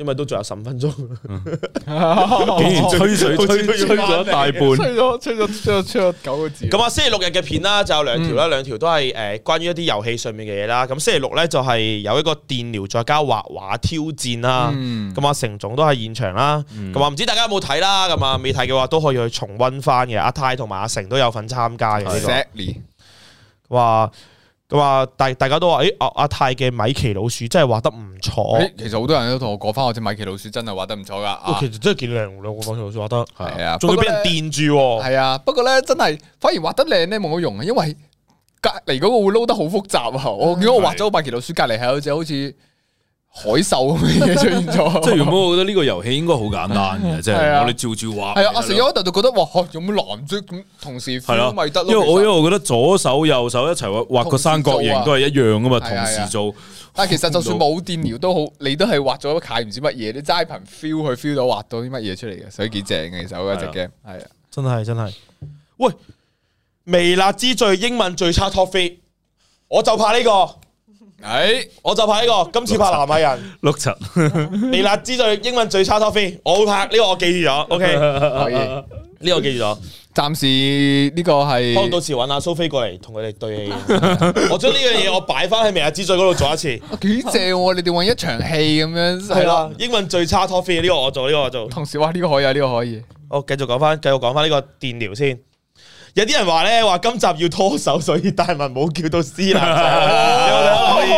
因為都仲有十五分鐘，嗯、竟然吹水吹吹咗一大半，吹咗吹咗吹咗九個字。咁啊，星期六日嘅片啦，就有兩條啦，嗯、兩條都係誒關於一啲遊戲上面嘅嘢啦。咁星期六咧就係有一個電療再加畫畫挑戰啦。咁啊、嗯，成總都喺現場啦。咁啊、嗯，唔知大家有冇睇啦？咁啊，未睇嘅話都可以去重溫返嘅。阿泰同埋阿成都有份參加嘅呢個。啊、Exactly. 哇！咁啊，大大家都話，誒、欸，阿阿泰嘅米奇老鼠真係畫得唔錯。其實好多人都同我講翻，我隻米奇老鼠真係畫得唔錯噶。其實真係幾靚咯，米奇老鼠畫得係啊，仲、啊、要俾人掂住。係啊，不過咧，真係反而畫得靚咧冇乜用啊，因為隔籬嗰個會撈得好複雜啊。嗯、我如果我畫咗米奇老鼠，隔籬係有一隻好似。海獸咁嘅嘢出現咗，即係原本我覺得呢個遊戲應該好簡單嘅，即係我哋照住畫。係啊，啊啊我成日喺度就覺得，哇，有冇難啫？咁同時做咪得咯。因為我因為我覺得左手右手一齊畫畫個三角形都係一樣噶嘛，同時做。但其實就算冇電描都好，我你都係畫咗個解唔知乜嘢，你齋憑 feel 去 feel 到畫到啲乜嘢出嚟嘅，所以幾正嘅其實我隻 game 係啊，真係真係。喂，微辣之最，英文最差蘇菲，Alles，我就怕呢、呢個。誒、哎，我就拍呢、這個，今次拍南亞人。六七，微辣 之最英文最差 Sophie 我會拍呢個，我記住咗。OK，可以，呢個記住咗。暫時呢個係，我到時揾阿 Sophie 過嚟同佢哋對戲。我將呢樣嘢我擺翻喺微辣之最嗰度做一次。幾正喎？你哋揾一場戲咁樣。係啦，英文最差 Sophie 呢個我做，呢、這個我做。這個、我做同時話呢個可以，呢個可以。好，繼續講翻，繼續講翻呢個電療先。有啲人話咧，話今集要拖手，所以大文冇叫到司南。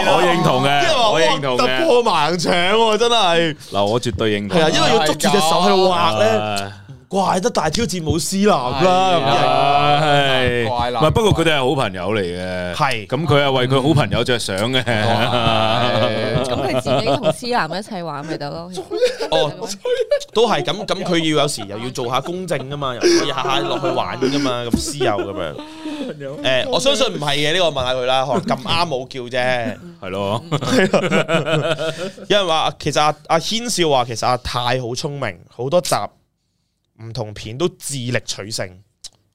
我認同嘅，我認同。突破盲腸，真係嗱，我絕對認同。係啊，因為要捉住隻手去度畫咧，怪得大挑戰冇司南啦。怪啦，不過佢哋係好朋友嚟嘅，係咁佢係為佢好朋友着想嘅。咁佢自己同思南一齊玩咪得咯？ 哦，都係咁咁，佢要有時又要做下公證噶嘛，又可以下下落去玩噶嘛，咁私友咁樣。誒、欸，我相信唔係嘅呢個，問下佢啦。可能咁啱冇叫啫，係 咯。有人話，其實阿阿軒少話，其實阿、啊、泰好聰明，好多集唔同片都智力取勝。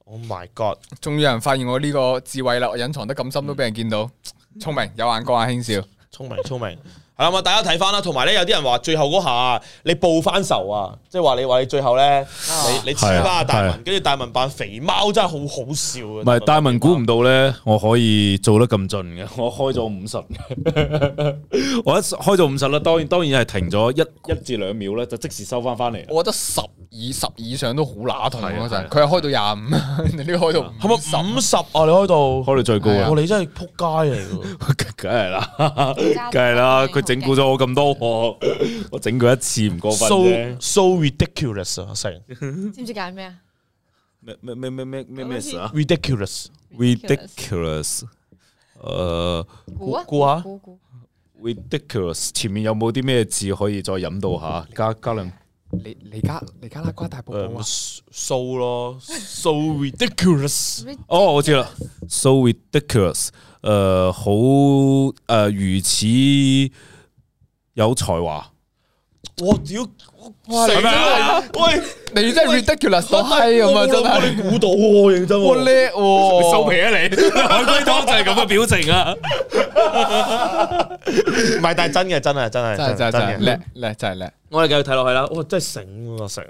Oh my god！終於有人發現我呢個智慧啦？我隱藏得咁深都俾人見到，聰 明有眼光啊！軒少，聰明聰明。聰明係啦，大家睇翻啦，同埋咧有啲人話最後嗰下你報翻仇啊，即係話你話你最後咧、啊，你你黐翻啊大文，跟住、啊啊、大文扮肥貓真係好好笑啊！唔係大文估唔到咧，我可以做得咁盡嘅，我開咗五十， 我一開咗五十啦，當然當然係停咗一一至兩秒咧，就即時收翻翻嚟。我覺得十二十以上都好乸痛嗰陣，佢係、啊啊、開到廿五你你開到, 25, 開到，係咪五十啊？你開到、啊、你開到最高啊！我、哦、你真係撲街嚟嘅，梗係啦，梗係啦.， 整蠱咗我咁多，我整過一次唔過分 So so ridiculous 啊，成日，知唔知解咩啊？咩咩咩咩咩咩咩啊？ridiculous，ridiculous，誒，估瓜，ridiculous，前面有冇啲咩字可以再飲到下？加加良，你你加你加拉瓜大瀑布啊？So 咯，so ridiculous。哦，我知啦，so ridiculous。誒，好誒，如此。有才華，我屌，神啊！喂，你真係 ridiculous，係咁啊！真係，我你估到，認真喎，你，收皮啊你，海龜湯就係咁嘅表情啊！唔係，但係真嘅，真係，真係，真係，真係叻，叻真係叻。我哋繼續睇落去啦。哇，真係醒啊，成！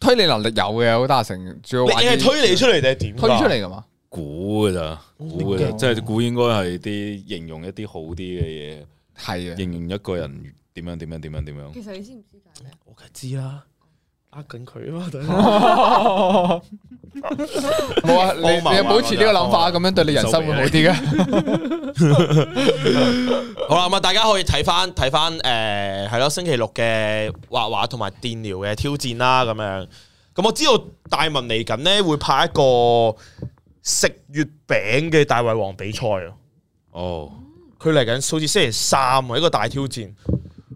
推理能力有嘅，好大成。主要你係推理出嚟定係點？推出嚟噶嘛？估噶咋？估噶咋？即係估應該係啲形容一啲好啲嘅嘢。係啊，形容一個人點樣點樣點樣點樣。其實你知唔知解咩？我梗知啦，呃緊佢啊嘛。冇啊，你、 哦、你保持呢個諗法咁、哦、樣、哦，對你對人生會好啲嘅。嗯、 好啦，咁啊，大家可以睇翻睇翻誒，係咯、呃，星期六嘅畫畫同埋電療嘅挑戰啦，咁樣。咁我知道大文嚟緊呢會派一個食月餅嘅大胃王比賽哦。佢嚟緊數字星期三啊，一個大挑戰。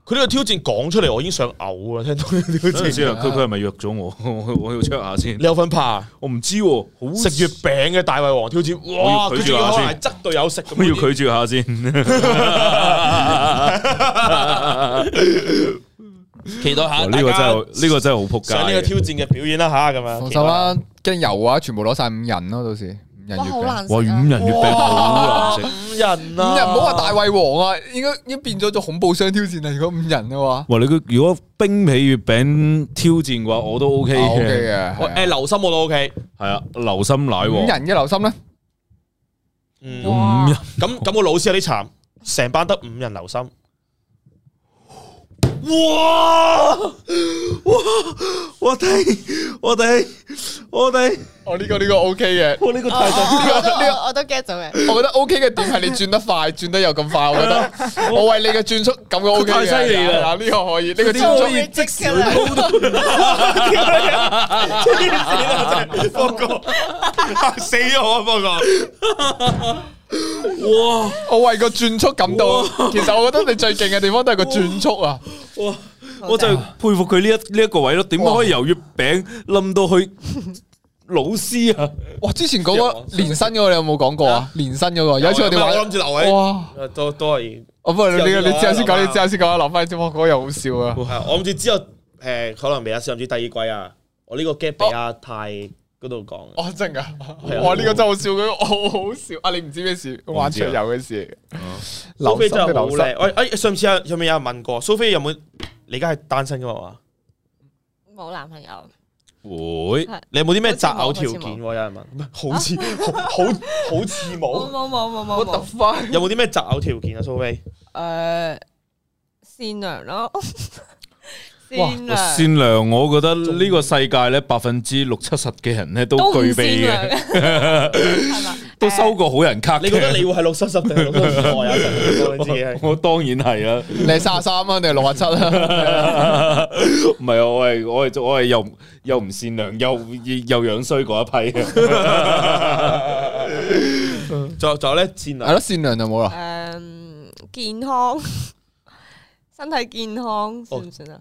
佢呢個挑戰講出嚟，我已經想嘔啦！聽到呢個挑戰，佢佢係咪約咗我？我要 check 下先。你有份拍？我唔知。食月餅嘅大胃王挑戰，要拒絕下先。執隊友食，我要拒絕，下，有要拒絕下先。期待下。呢、這個真係呢、這個真係好撲街。上呢個挑戰嘅表演啦，吓咁樣！守啦，跟油啊，全部攞晒五人咯，啊，到時。人月哇！好難食、啊、哇！五仁月餅好難食，五仁五仁唔好話大胃王啊，應該而家變咗做恐怖箱挑戰嚟。如果五仁嘅話，哇！你如果冰皮月餅挑戰嘅話，我都 OK 嘅。k 嘅、啊，誒、OK，流、啊、欸、心我都 OK，係啊，流心奶、啊、五仁嘅流心咧？嗯，五人咁咁我老師有啲慘，成班得五人流心。哇哇！我哋我哋我哋，我呢個呢個 OK 嘅，我呢個太凍，呢，這個我，我都 get 到嘅。我覺得 OK 嘅點係你轉得快，轉得又咁快， 我覺得。我為你嘅轉速咁樣 OK 嘅，犀利啦！呢，啊這個可以，呢個超速，死啦！報告， 死咗 啊！報哇！我為個轉速感到，其實我覺得你最勁嘅地方都係個轉速啊！哇！我就佩服佢呢一呢一個位咯，點可以由月餅冧到去老師啊？哇！之前講過連身嗰個，你有冇講過啊？連身嗰個有次我哋諗住留位，都都係我唔係你，你之後先講，你之後先講，留翻。先我嗰個又好笑啊！我諗住之後誒，可能未啊，上至第二季啊，我呢個 game 俾阿泰。嗰度講，哦，真噶，哇，呢個真係好笑，佢好好笑啊！你唔知咩事，玩桌遊嘅事，劉飛真係好靚，哎哎，上次有冇有人問過，蘇菲有冇？你而家係單身噶嘛？冇男朋友。會？你有冇啲咩擇偶條件？有人問，好似好好好似冇冇冇冇冇冇特徵，有冇啲咩擇偶條件啊？蘇菲，誒善良咯。哇！善良，善良我覺得呢個世界咧，百分之六七十嘅人咧都具備嘅，係嘛？都收過好人卡、呃。 你覺得你會係六七十定六七十 我，我當然係啊。 你係卅三啊？定係六十七啊？唔係我係我係我係又又唔善良又又樣衰嗰一批。仲 仲 有咧？善良係咯，善良就冇啦。誒、嗯，健康，身體健康算唔算啊？哦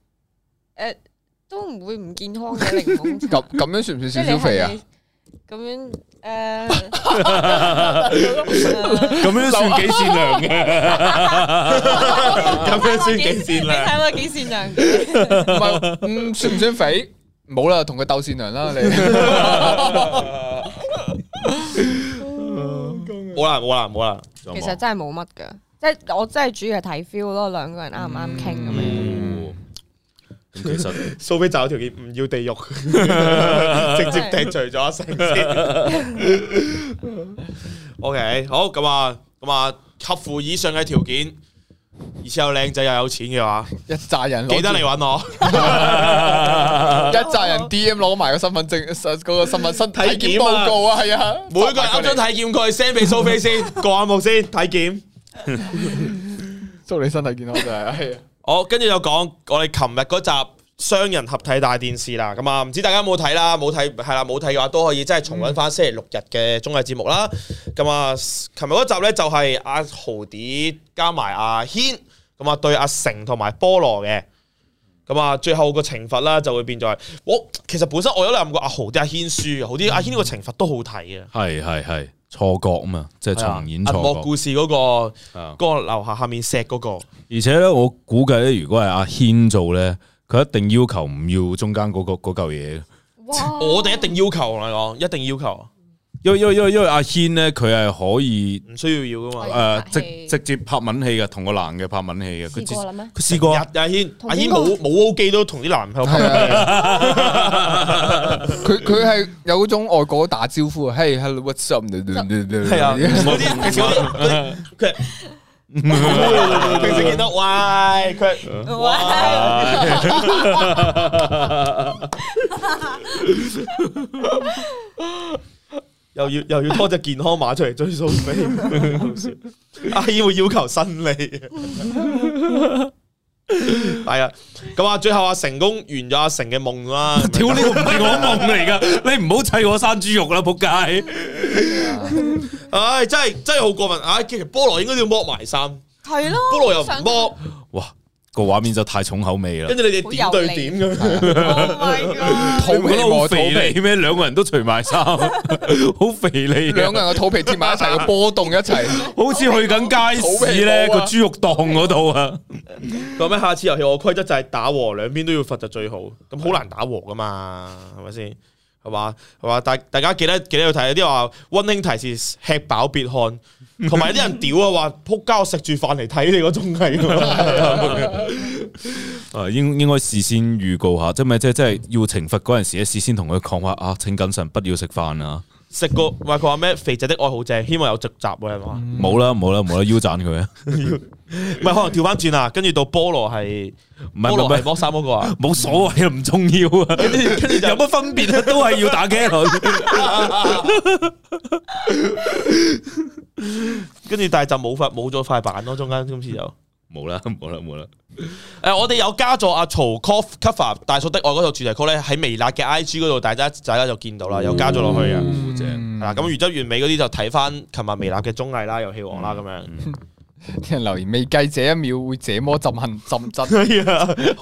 唔會唔健康嘅檸檬，咁咁 樣算唔算少少肥啊？咁樣誒，咁樣算幾善良嘅？咁 樣算幾善良？你睇下幾善良， 算唔算肥？冇啦，同佢鬥善良啦你。好啦好啦好啦，其實真係冇乜噶，即係我真係主要係睇 feel 咯，兩個人啱唔啱傾咁樣。嗯咁其實蘇菲就有條件唔要地獄，直接剔除咗阿丞先。OK，好咁啊，咁啊，合乎以上嘅條件，而且又靚仔又有錢嘅話，一紮人記得嚟揾我，一紮人 D M 攞埋個身份證，個身份身體檢報告啊，係啊，每個人攞張體檢佢 send 俾蘇菲先，過下目先體檢，祝你身體健康就係。好，跟住就講我哋琴日嗰集雙人合體大電視啦，咁、嗯、啊，唔知大家有冇睇啦？冇睇係啦，冇睇嘅話都可以即係重溫翻星期六日嘅綜藝節目啦。咁、嗯、啊，琴日嗰集呢，就係、是、阿、啊、豪 Dee 加埋阿軒，咁、嗯、啊對阿丞同埋菠蘿嘅，咁、嗯、啊最後個懲罰啦就會變咗係，我、哦、其實本身我有諗過阿、啊、豪 Dee 阿軒輸，好啲阿軒呢個懲罰都好睇嘅，係係係。錯覺啊嘛，即係重演錯覺。的嗯、故事嗰個，嗰、嗯、個樓下下面石嗰個。而且咧，我估計咧，如果係阿軒做咧，佢一定要求唔要中間嗰個嗰嚿嘢。哇！我哋一定要求，我講一定要求。因為因為因為因為阿軒咧，佢係可以唔需要要噶嘛，誒直直接拍吻戲嘅，同個男嘅拍吻戲嘅。佢試過啦咩？佢試過啊！阿軒，阿軒冇冇 O 機都同啲男朋友拍，佢佢係有嗰種外國打招呼啊，係 Hello what’s up？對對對對，係啊，我啲我啲佢，佢最近都 why？佢 why？又要又要拖隻健康碼出嚟追數俾， 阿姨會要求新嚟，係啊，咁啊，最後阿、啊、成功完咗阿、啊、成嘅夢啦！屌，呢個唔係我夢嚟噶，你唔好砌我生豬肉啦，仆街！唉、 哎，真係真係好過分！唉、哎，其實菠蘿應該要剝埋衫，係咯的，菠蘿又唔剝。個畫面就太重口味啦，跟住你哋點對點咁，肚皮都好肥膩咩？兩個人都除埋衫，好肥膩，兩個人個肚皮貼埋一齊，個波動一齊，好似去緊街市咧個豬肉檔嗰度啊！咁樣，下次遊戲我規則就係打和，兩邊都要罰就最好。咁好難打和噶嘛，係咪先？係嘛？係嘛？大大家記得記得要睇有啲話溫馨提示：吃飽別看。同埋啲人屌啊，話撲街食住飯嚟睇你嗰種係，誒， 應應該事先預告下，即係即係即係要懲罰嗰陣時咧，事先同佢講話啊，請謹慎，不要食飯啊。食過，話佢話咩肥仔的愛好者，希望有續集喎，係嘛？冇啦、嗯，冇啦，冇啦，腰斬佢啊！咪 可能調翻轉啊，跟住到菠蘿係，唔係唔係剝沙嗰個啊？冇所謂啊，唔重要啊， 有乜分別啊？都係要打 game 佢跟住但係就冇法冇咗塊板咯，中間今次有。冇啦，冇啦，冇啦。誒、 呃，我哋有加咗阿、啊、曹 c o f Cover 大叔的愛嗰套主題曲咧，喺微辣嘅 I G 嗰度，大家一仔咧就見到啦，有加咗落去啊，正。係、嗯、啦，咁餘質完美嗰啲就睇翻琴日微辣嘅綜藝啦，遊戲王啦咁樣。嗯 聽留言未計這一秒會這麼震撼，震真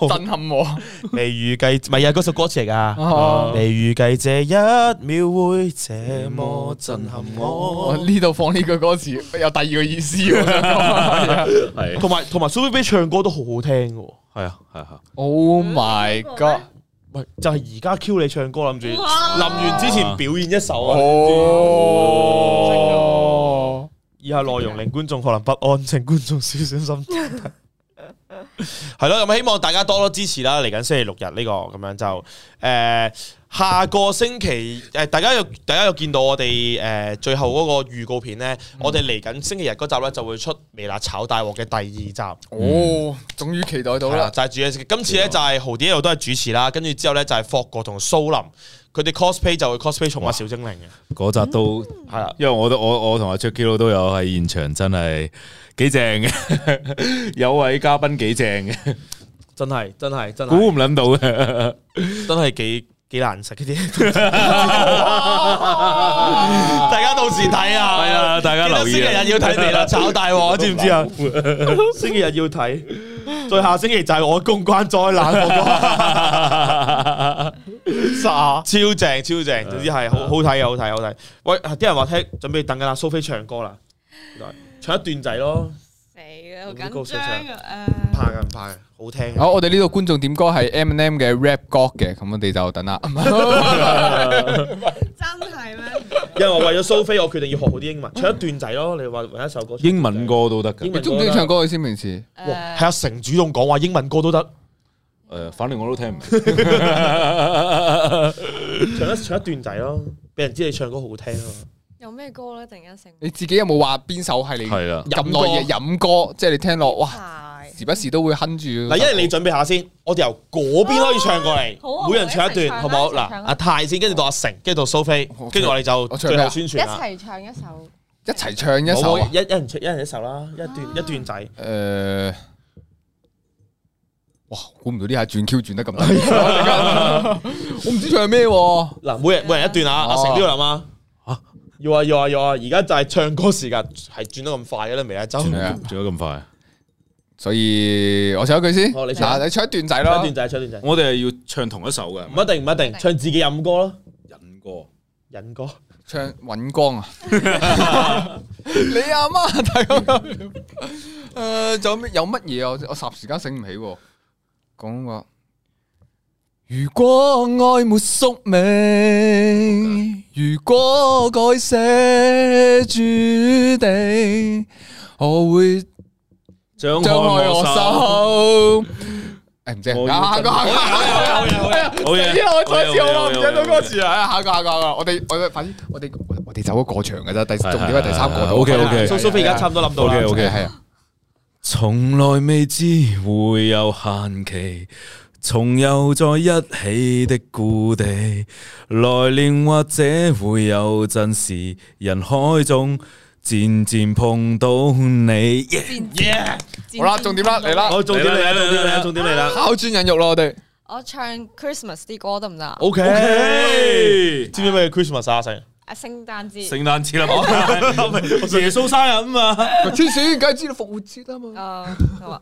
震撼我。 未預計，唔係啊，嗰首歌詞啊，oh，未預計這一秒會這麼震撼我。呢度放呢個歌詞有第二個意思，係同埋同埋蘇菲菲唱歌都好好聽嘅，係啊係啊。啊 oh my god！喂，就係而家 Q 你唱歌，諗住臨完之前表演一首啊。 oh 以下內容令觀眾可能不安，請觀眾小心。係咯， 咁希望大家多多支持啦！嚟緊星期六日呢、呢個咁樣就誒。呃下個星期誒，大家又大家又見到我哋誒，最後嗰個預告片咧，我哋嚟緊星期日嗰集咧就會出《微辣炒大鑊》嘅第二集。哦，終於期待到啦！就係主持，今次咧就係豪一路都係主持啦。跟住之後咧就係霍國同蘇林，佢哋 cosplay 就 cosplay 寵物小精靈嘅。嗰集都係啦，因為我都我我同阿 Jacky 都都有喺現場，真係幾正嘅。有位嘉賓幾正嘅，真係真係真係，估唔諗到嘅，真係幾～幾難食嗰啲， 大家到時睇啊！係啊，大家留意星期日要睇《地雷炒大王》 知知，知唔知啊？星期日要睇，再下星期就係我公關災難關 超。超正超正，總之係好好睇又好睇好睇。喂，啲人話聽，準備等緊阿蘇菲唱歌啦，唱一段仔咯。好緊張啊！怕嘅，怕嘅，好聽。好，我哋呢度觀眾點歌係 M and M 嘅 rap god 嘅，咁我哋就等啦。真係咩？因為為咗蘇菲，我決定要學好啲英文，唱一段仔咯。你話揾一首歌，英文歌都得㗎。中唔中意唱歌嘅，先明示，係阿丞主動講話英文歌都得。誒，反正我都聽唔明。唱一唱一段仔咯，俾人知你唱歌好聽啊！有咩歌咧？突然間成你自己有冇話邊首係你咁耐嘅飲歌？即係你聽落哇，時不時都會哼住嗱。因為你準備下先，我哋由嗰邊可以唱過嚟，每人唱一段，好唔好？嗱，阿泰先，跟住到阿成，跟住到蘇菲，跟住我哋就最後宣傳啦。一齊唱一首，一齊唱一首，一一人唱一人一首啦，一段一段仔。誒，哇，估唔到呢下轉 Q 轉得咁，我唔知唱咩嗱。每人每人一段啊，阿成都要諗啊。要啊要啊要啊！而家就係唱歌時間，係轉得咁快嘅咧，未啊？周啊，轉得咁快，所以我唱一句先。哦、啊，你唱，你唱一段仔咯，一段仔，唱一段仔。我哋係要唱同一首嘅，唔一定，唔一定，一定唱自己飲歌咯。飲歌，歌，唱尹光啊！ 你阿媽睇下，誒，仲 有咩？有乜嘢啊？我霎時間醒唔起喎。講個，說說如果愛沒宿命。 如果改寫注定，我會張開我手。誒唔知啊，下個下個，我有我有，上次我再次我諗唔到嗰個詞啊，下個下個我哋我哋，反正我哋我哋走咗過場噶啫，第重點係第三個 O K O K，蘇蘇菲而家差唔多諗到 O K O K，係啊，從來未知會有限期。重遊在一起的故地，來年或者會有陣時人海中漸漸碰到你。好啦，重點啦，嚟啦，我重點嚟啦，重點嚟啦，重點嚟啦，考專人肉咯，我哋。我唱 Christmas 啲歌得唔得？OK，知唔知咩 Christmas 生日？啊，聖誕節，聖誕節啦嘛，耶穌生日嘛，黐線，梗係知啦，復活節啊嘛。啊，好啊。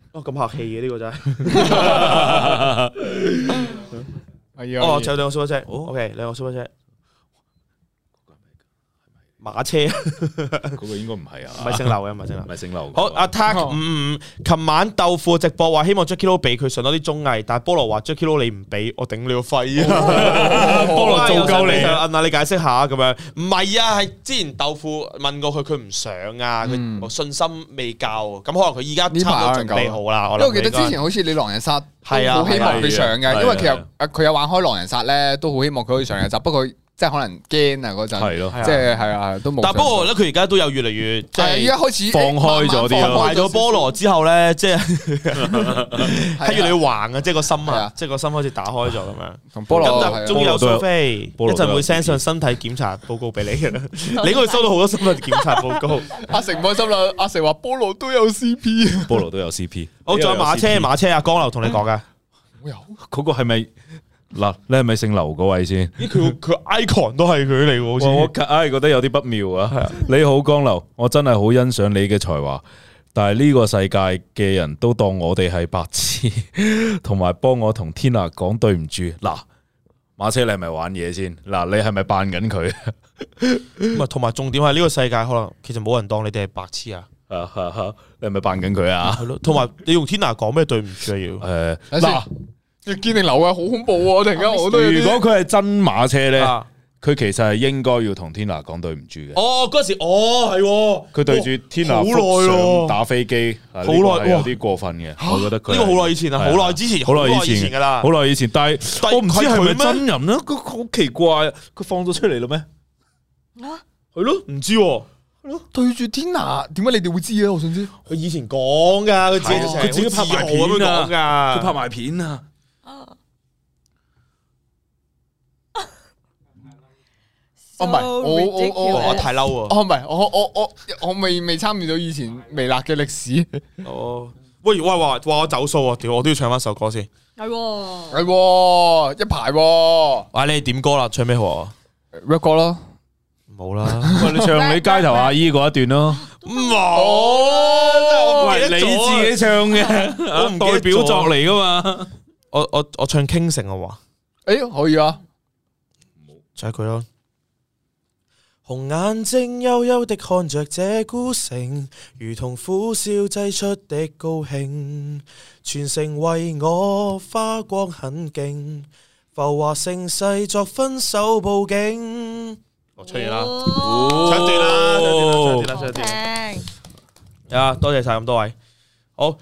哦，咁客氣嘅呢，這個真係，係啊，哦，仲有兩個 Super Chat，好、oh?，OK，兩個 Super Chat。馬車嗰個應該唔係啊，咪姓劉嘅咪姓劉，咪姓劉。好，阿 Tag 五五，琴晚豆腐直播話希望 Jacky Lou 俾佢上多啲綜藝，但係菠蘿話 Jacky Lou 你唔俾，我頂你個肺。啊！菠蘿做夠你，啊！你解釋下咁樣，唔係啊，係之前豆腐問過佢，佢唔上啊，佢信心未夠，咁可能佢依家差唔多準備好啦。因為我記得之前好似你狼人殺，係啊，好希望佢上嘅，因為其實佢有玩開狼人殺咧，都好希望佢可以上人殺，不過。即係可能驚啊！嗰陣係咯，即係係啊，都冇。但係不過我覺得佢而家都有越嚟越，即係一開始放開咗啲咯。買咗菠蘿之後咧，即係係越嚟越橫啊！即係個心啊，即係個心開始打開咗咁樣。菠蘿終於有蘇菲，一陣會 send 上身體檢查報告俾你嘅啦。你應該收到好多身體檢查報告。阿成唔開心啦，阿成話菠蘿都有 CP。菠蘿都有 CP。我仲有馬車，馬車阿江流同你講嘅，有嗰個係咪？嗱，你係咪姓劉嗰位先？佢佢 icon 都係佢嚟喎，我梗係覺得有啲不妙啊！ 你好江流，我真係好欣賞你嘅才華，但係呢個世界嘅人都當我哋係白痴，同埋幫我同天娜講對唔住。嗱，馬車你係咪玩嘢先？嗱，你係咪扮緊佢？啊，同埋 重點係呢、呢個世界可能其實冇人當你哋係白痴啊！ 你係咪扮緊佢啊？同埋 你用天娜講咩對唔住啊？要誒、呃，嗱先。越見你留啊，好恐怖啊！突然間，如果佢係真馬車咧，佢其實係應該要同天娜講對唔住嘅。哦，嗰時哦係，佢對住天娜好耐咯，打飛機好耐，有啲過分嘅。我覺得佢呢個好耐以前啊，好耐之前，好耐以前嘅啦，好耐以前。但係我唔知係咪真人咧，佢好奇怪，佢放咗出嚟咯咩？啊，係咯，唔知咯。對住天娜，點解你哋會知啊？我想知，佢以前講噶，佢自己拍埋片咁樣講噶，佢拍埋片啊。哦、oh, so oh，哦唔係，我我我我太嬲啊！哦唔係，我我我我未未參與到以前微辣嘅歷史哦。喂喂喂，哇我走數啊！屌，我都要唱翻首歌先。係係一排喎。哎，你點歌啦？唱咩歌啊？rap 歌咯。冇啦，你唱你街頭阿姨嗰一段咯。唔好，喂，你自己唱嘅，我代表作嚟噶嘛。我我我唱傾城啊！喎，誒、哎，可以啊，就係佢咯。紅眼睛幽幽的看着這孤城，如同苦笑擠出的高興，全城為我花光狠勁，浮華盛世作分手布景。我出現啦，出現啦，出現啦，出現啦，出現。啊，聽 yeah, 多謝晒咁多位，好。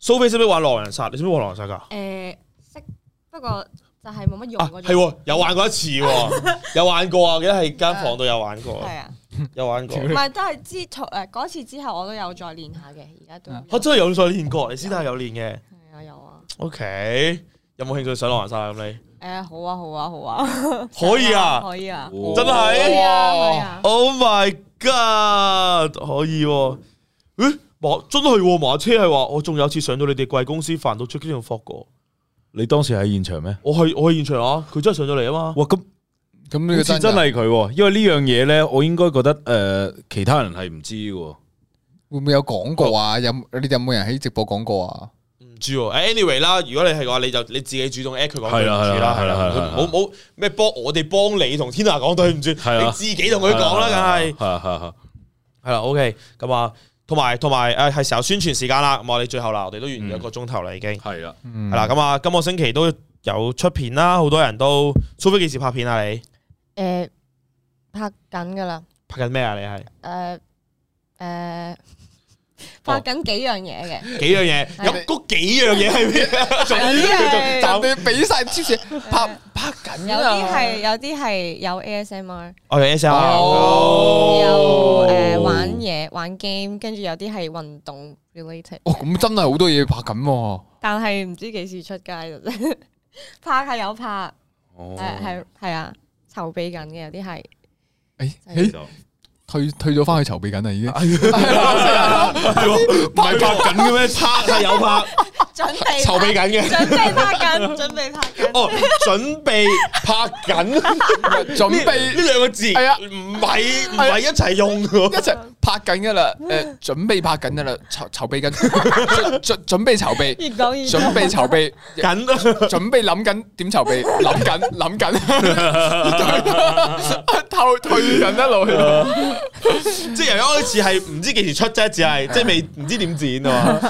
蘇菲識唔識玩狼人殺？你識唔識玩狼人殺噶？誒，識，不過就係冇乜用嗰種。係，有玩過一次，有玩過啊！記得係間房度有玩過。係啊，有玩過。唔係，都係之前誒嗰次之後，我都有再練下嘅，而家都有。吓，真係有再練過？你先係有練嘅。係啊，有啊。O K，有冇興趣上狼人殺啊？咁你？誒，好啊，好啊，好啊，可以啊，可以啊，真係，可以啊，Oh my God，可以。嗯。哇！真係馬車係話我，仲有次上到你哋貴公司，煩到出驚，仲服過。你當時喺現場咩？我去我係現場啊！佢真係上咗嚟啊嘛！哇！咁咁呢真真係佢，因為呢樣嘢咧，我應該覺得誒，其他人係唔知嘅。會唔會有講過啊？有你哋有冇人喺直播講過啊？唔知誒，anyway 啦，如果你係話，你就你自己主動 at 佢講，對唔住啦，係啦，冇冇咩幫？我哋幫你同 Tina 講，對唔住，你自己同佢講啦，梗係係係係啦。OK，咁啊。同埋同埋誒係時候宣傳時間啦，咁我哋最後啦，我哋都完咗一個鐘頭啦，嗯、已經係啦，係啦的，咁啊、嗯，今個星期都有出片啦，好多人都，蘇菲幾時拍片啊？你誒拍緊噶啦，拍緊咩啊？你係誒誒。呃呃拍緊幾樣嘢嘅，幾樣嘢、啊、有嗰幾樣嘢係咩啊？就你俾晒支持拍拍緊，有啲係有啲係有 ASMR，哦，有 ASMR 有誒玩嘢玩 game，跟住有啲係運動 related 哦，咁真係好多嘢拍緊，但係唔知幾時出街嘅啫。 拍係有拍，係係係啊，籌備緊嘅有啲係，誒。退退咗翻去籌備緊啦，已經係、哎呀哎、啊，唔係、啊啊、拍緊嘅咩？拍啊，啊，啊，有拍。準備籌備緊嘅，準備拍緊，準備拍緊。哦，準備拍緊，準備呢兩個字係啊，唔係唔係一齊用，一齊拍緊噶啦。誒，準備拍緊噶啦，籌籌備緊，準準備籌備，準備籌備緊，準備諗緊點籌備，諗緊諗緊，偷退緊一路去。即係由一開始係唔知幾時出啫，只係即係未唔知點剪啊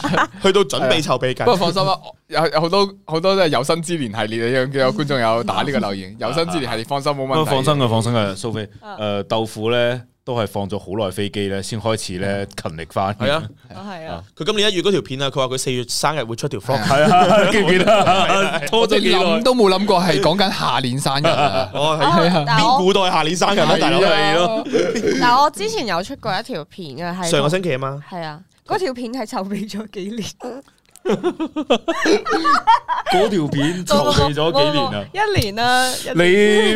去到準備籌備緊。放心啦，有有好多好多都係有生之年系列啊，有觀眾有打呢個留言，有生之年系列放心冇問題，放心嘅，放心啊，蘇菲，誒，豆腐咧都係放咗好耐飛機咧，先開始咧勤力翻。係啊，係啊。佢今年一月嗰條片啊，佢話佢四月生日會出條，係啊，記唔記得？拖咗幾耐都冇諗過係講緊下年生日。哦，係啊，邊古代下年生日啊？大佬，嗱，我之前有出過一條片嘅，係上個星期啊嘛。係啊，嗰條片係籌備咗幾年。嗰 條片籌備咗幾年啊？一年啊！年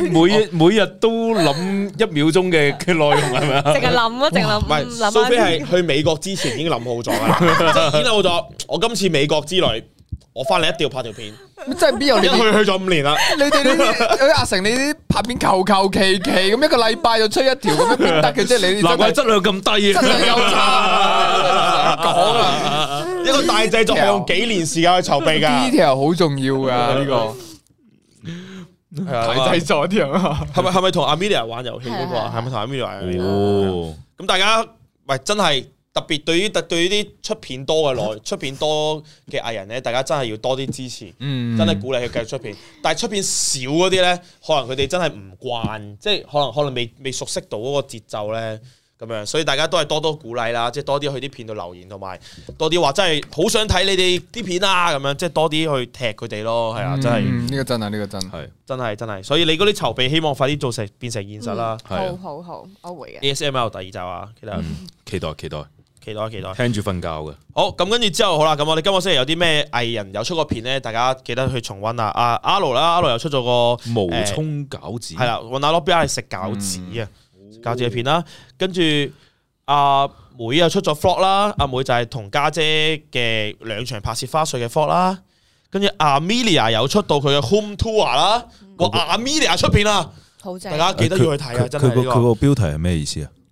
你每我每日都諗一秒鐘嘅嘅內容係咪啊？淨係諗咯，淨諗。唔係，蘇菲係去美國之前已經諗好咗啦， 即係剪好咗。我今次美國之旅。 我翻嚟一定要拍條片，咁真係邊有你去去咗五年啦？ 你哋你阿成你啲拍片求求其其咁一個禮拜就出一條咁樣，點得嘅啫，你啲質量咁低啊！質量又差，講啊！一個一大製作係用幾年時間去籌備噶，呢條好重要噶。呢個大製作條，係咪係咪同 Amelia 玩遊戲嗰個啊？係咪同 Amelia？哦，咁大家喂真係。特別對於特對於啲出片多嘅內出片多嘅藝人咧，大家真係要多啲支持，真係鼓勵佢繼續出片。但係出片少嗰啲咧，可能佢哋真係唔慣，即係可能可能未未熟悉到嗰個節奏咧，咁樣。所以大家都係多多鼓勵啦，即係多啲去啲片度留言，同埋多啲話真係好想睇你哋啲片啊，咁樣即係多啲去踢佢哋咯，係啊，真係。呢個真係，呢個真係真係真係。所以你嗰啲籌備，希望快啲做成變成現實啦。好好好，我會嘅。ASML 第二集啊，記得期待期待。期待期待，聽住瞓覺嘅。好，咁跟住之後好啦，咁我哋今個星期有啲咩藝人有出個片咧？大家記得去重溫啊！阿阿盧啦，阿盧又出咗個毛蔥餃子，係啦，阿 Lo 畀我哋食餃子啊？餃子嘅片啦，跟住阿梅又出咗 Vlog 啦，阿梅就係同家姐嘅兩場拍攝花絮嘅 Vlog 啦。跟住阿 Amelia 又出到佢嘅 home tour 啦，個阿 Amelia 出片啦，大家記得要去睇啊！佢個標題係咩意思啊？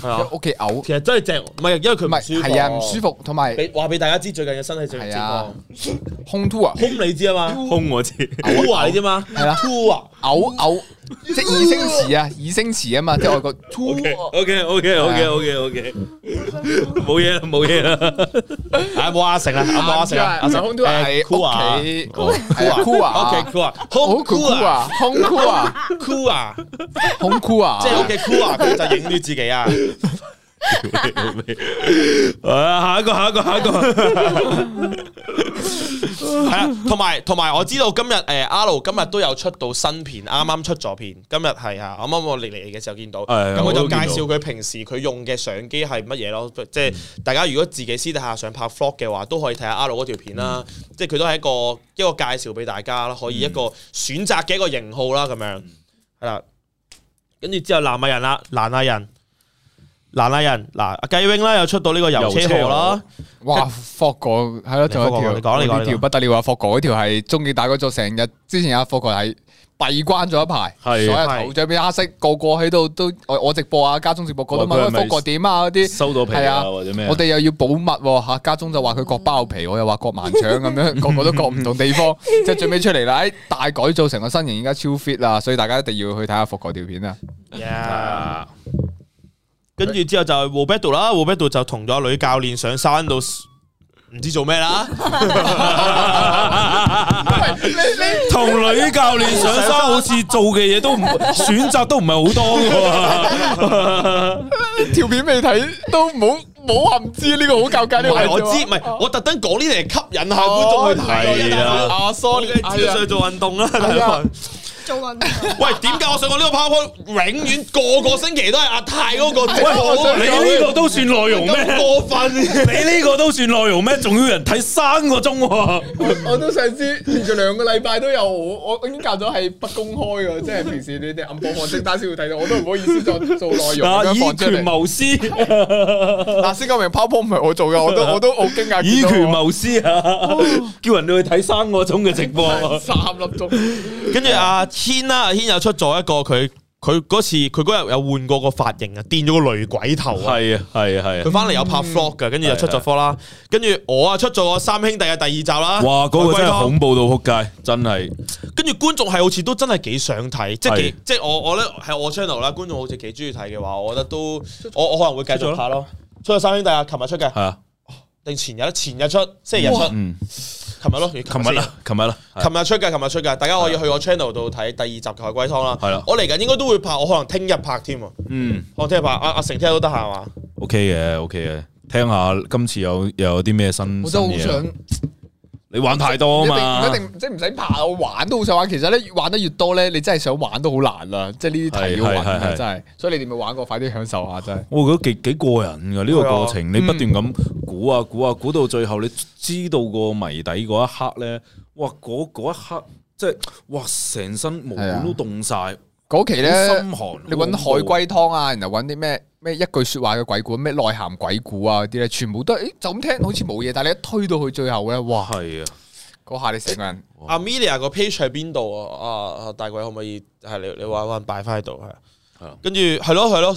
係啊，屋企嘔，其實真係正，唔係因為佢唔係係啊，唔舒服同埋，話俾大家知最近嘅身體狀況。空吐啊，空你知啊嘛，空我知，啊，你啫嘛，係啦，吐啊，嘔嘔，即係擬聲詞啊，擬聲詞啊嘛，即係外國。OK，OK，OK，OK，OK，冇嘢啦，冇嘢啦，阿冇阿丞啦，阿摩阿丞啦，阿丞空吐啊，係 tour 啊，tour 啊，OK，tour 啊，空 tour 啊，空 tour 啊，tour 啊，空 tour 啊，即係屋企 tour 啊，佢就影住自己啊。啊！ 下一個，下一個，下一個，係 啊！同埋，同埋，我知道今日誒，阿盧今日都有出到新片，啱啱出咗片。今日係啊，啱啱我嚟嚟嘅時候見到，咁我、哎、呀就介紹佢平時佢用嘅相機係乜嘢咯。即係、嗯、大家如果自己私底下想拍 Vlog 嘅話，都可以睇下阿盧嗰條片啦。即係佢都係一個一個介紹俾大家啦，可以一個選擇嘅一個型號啦，咁樣係啦。跟住之後，南亞、嗯、人啦，南亞人。難瀨人嗱，阿繼榮啦又出到呢個遊車河啦，哇！霍哥係咯，仲有一條，兩條不得了啊！霍哥條係終極大改造成日，之前阿霍哥係閉關咗一排，所以頭像變黑色，個個喺度都我直播啊，家中直播，個個問霍哥點啊，嗰啲收到皮啊，或者咩？我哋又要保密吓，家中就話佢割包皮，我又話割盲腸咁樣，個個都割唔同地方，即係最尾出嚟啦！誒，大改造成個身形，而家超 fit 啦，所以大家一定要去睇下霍哥條片啊跟住之後就係臥 b 度啦，臥 b 度就同咗女教練上山度唔知做咩啦。你你同女教練上山好似做嘅嘢都唔選擇都唔係好多嘅，啊。條片未睇都冇冇話唔知呢個好尷尬。唔係我知，唔係我特登講呢啲嚟吸引下觀眾去睇、哦、啊、哎呀。阿蘇菲，只想做運動啦。做運，喂，點解我想講呢個 powerpoint 永遠個個星期都係阿泰嗰個直播？你呢個都算內容咩？過分，你呢個都算內容咩？仲要人睇三個鐘？我我都想知，連續兩個禮拜都有我，我已經隔咗係不公開嘅，即係平時你哋暗放名單先會睇到，我都唔好意思再做內容。以權謀私，嗱，先講明 powerpoint 唔係我做嘅，我都我都好驚訝，以權謀私啊！叫人哋去睇三個鐘嘅直播，三粒鐘，跟住啊。軒啦，軒又出咗一個佢，佢嗰次佢嗰日有換過個髮型啊，電咗個雷鬼頭啊，係啊係啊係啊，佢翻嚟有拍 Vlog 嘅，跟住、嗯、又出咗 Vlog 啦，跟住、啊啊、我啊出咗三兄弟嘅第二集啦，哇，嗰、那個真係恐怖到撲街，真係。跟住觀眾係好似都真係幾想睇，啊、即係即係我我咧喺我 channel 啦，觀眾好似幾中意睇嘅話，我覺得都我我可能會繼續拍咯了。出咗三兄弟啊，琴日出嘅係啊，定前日前日出，星期日出。琴日咯，琴日啦，琴日啦，琴日出嘅，琴日出嘅，大家可以去我 channel 度睇第二集龜湯《海龜湯》啦。係啦，我嚟緊應該都會拍，我可能聽日拍添。嗯，我聽日拍，阿阿成聽日都得閒嘛？OK 嘅，OK 嘅，聽下今次有有啲咩新新嘢。你玩太多啊嘛，唔一定即係唔使爬，我玩都好想玩。其實咧，玩得越多咧，你真係想玩都好難啦。即係呢啲題要搵，是是是是真係。所以你哋有冇玩過？快啲享受下真係。我覺得幾幾過癮噶呢個過程過，啊、你不斷咁估啊估啊，估到最後，你知道個謎底嗰一刻咧，哇！嗰嗰一刻，即係哇，成身毛管都凍晒。嗰期咧，你揾海龜湯啊，啊然後揾啲咩咩一句說話嘅鬼故，咩內涵鬼故啊啲咧，全部都誒就咁聽好似冇嘢，但係你一推到去最後咧，哇係啊！嗰的下你成個人。Amelia 個 page 喺邊度啊？阿哇、啊、大鬼可唔可以係你你玩玩擺翻喺度係啊？係啊的。跟住係咯係咯，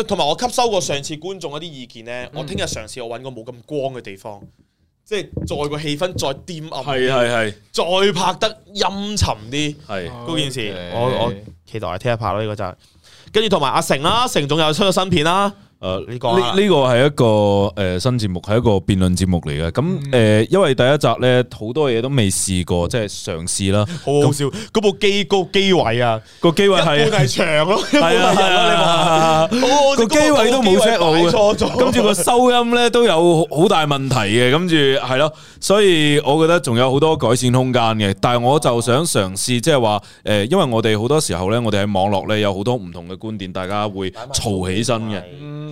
一同埋我吸收過上次觀眾一啲意見咧，我聽日嘗試我揾個冇咁光嘅地方。嗯即係再個氣氛再暗啱啲係係係，是是是再拍得陰沉啲，係嗰件事，Okay. 我我期待聽日拍咯呢個就係，跟住同埋阿丞啦，成總又出咗新片啦。誒，你講啦。呢呢個係一個誒新節目，係一個辯論節目嚟嘅。咁誒，因為第一集咧，好多嘢都未試過，即係嘗試啦。好好笑，嗰部機個機位啊，個機位係一半係長咯，係啊，個機位都冇遮到，跟住個收音咧都有好大問題嘅，跟住係咯，所以我覺得仲有好多改善空間嘅。但係我就想嘗試，即係話誒，因為我哋好多時候咧，我哋喺網絡咧有好多唔同嘅觀點，大家會嘈起身嘅。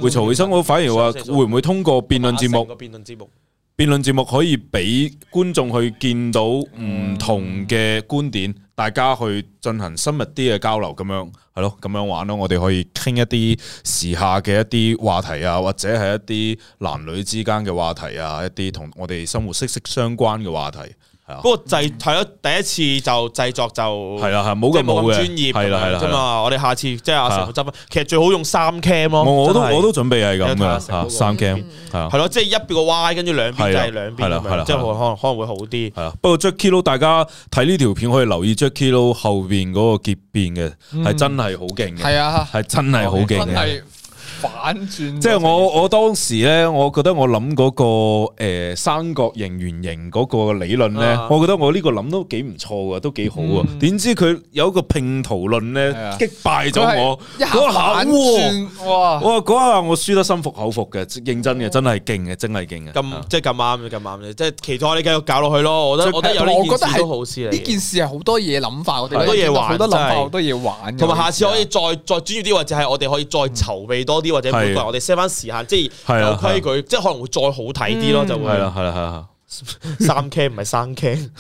會嘈會爭，我反而話會唔會通過辯論節目？辯論節目，辯論節目可以俾觀眾去見到唔同嘅觀點，嗯、大家去進行深入啲嘅交流，咁樣係咯，咁樣玩咯。我哋可以傾一啲時下嘅一啲話題啊，或者係一啲男女之間嘅話題啊，一啲同我哋生活息息相關嘅話題。不過制，睇咗第一次就製作就係啦係冇咁冇嘅，專業係啦係啦啫嘛，我哋下次即係阿丞哥執翻，其實最好用三 cam 咯。我都我都準備係咁嘅吓，三 cam 係係咯，即係一邊個 Y，跟住兩邊就係兩邊咁樣，即係可能可能會好啲。不過 Jacky Lou 大家睇呢條片可以留意 Jacky Lou 後邊嗰個結變嘅係真係好勁嘅，係啊，係真係好勁嘅。即係我我當時咧，我覺得我諗嗰個誒三角形圓形嗰個理論咧，我覺得我呢個諗都幾唔錯嘅，都幾好啊！點知佢有一個拼圖論咧擊敗咗我，嗰下哇！我嗰下我輸得心服口服嘅，認真嘅，真係勁嘅，真係勁嘅。咁即係咁啱嘅，咁啱嘅，即係期待你繼續搞落去咯。我覺得我覺得有呢事呢件事係好多嘢諗法，我哋好多嘢玩，好多諗法，好多嘢玩。同埋下次可以再再專業啲，或者係我哋可以再籌備多啲。或者每個我哋 set 翻時限，的即係有規矩，的即係可能會再好睇啲咯，嗯、就會。係啦，係啦，係啦。三 K 唔係三 K，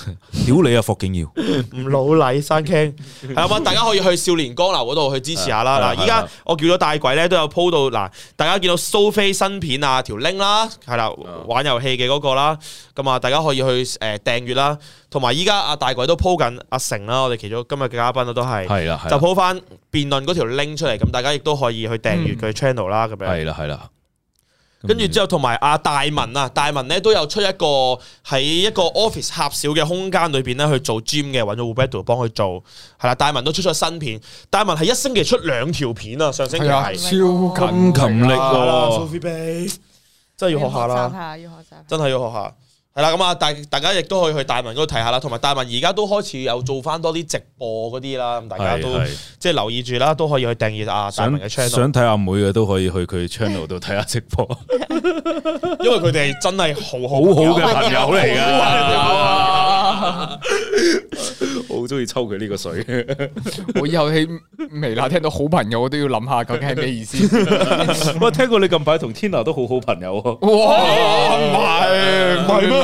屌你啊，霍景耀，唔老禮三 K，係嘛？ 大家可以去少年江流嗰度去支持下啦。嗱，依家我叫咗大鬼咧，都有鋪到嗱，大家見到蘇菲新片啊，條 link 啦，係啦，玩遊戲嘅嗰個啦，咁啊，大家可以去誒訂閱啦，同埋依家阿大鬼都鋪緊阿成啦，我哋其中今日嘅嘉賓都係，係啦，就鋪翻辯論嗰條 link 出嚟，咁大家亦都可以去訂閱佢 channel 啦，咁樣係啦，係啦。嗯跟住之後，同埋阿大文啊，大文咧都有出一個喺一個 office 狹小嘅空間裏邊咧去做 gym 嘅，揾咗 Huberto 幫佢做，係啦，大文都出咗新片，大文係一星期出兩條片啊，上星期係超緊勤力，真係要學下啦，真係要學下。係啦，咁啊，大大家亦都可以去大文嗰度睇下啦，同埋大文而家都開始有做翻多啲直播嗰啲啦，咁大家都即係留意住啦，都可以去訂閱阿大文嘅 channel。想睇阿妹嘅都可以去佢 channel 度睇下直播，因為佢哋真係好好嘅朋友嚟嘅。我好中意抽佢呢個水，我以後喺微辣聽到好朋友，我都要諗下究竟係咩意思。我聽過你近排同 Tina 都好好朋友啊！哇，唔係唔係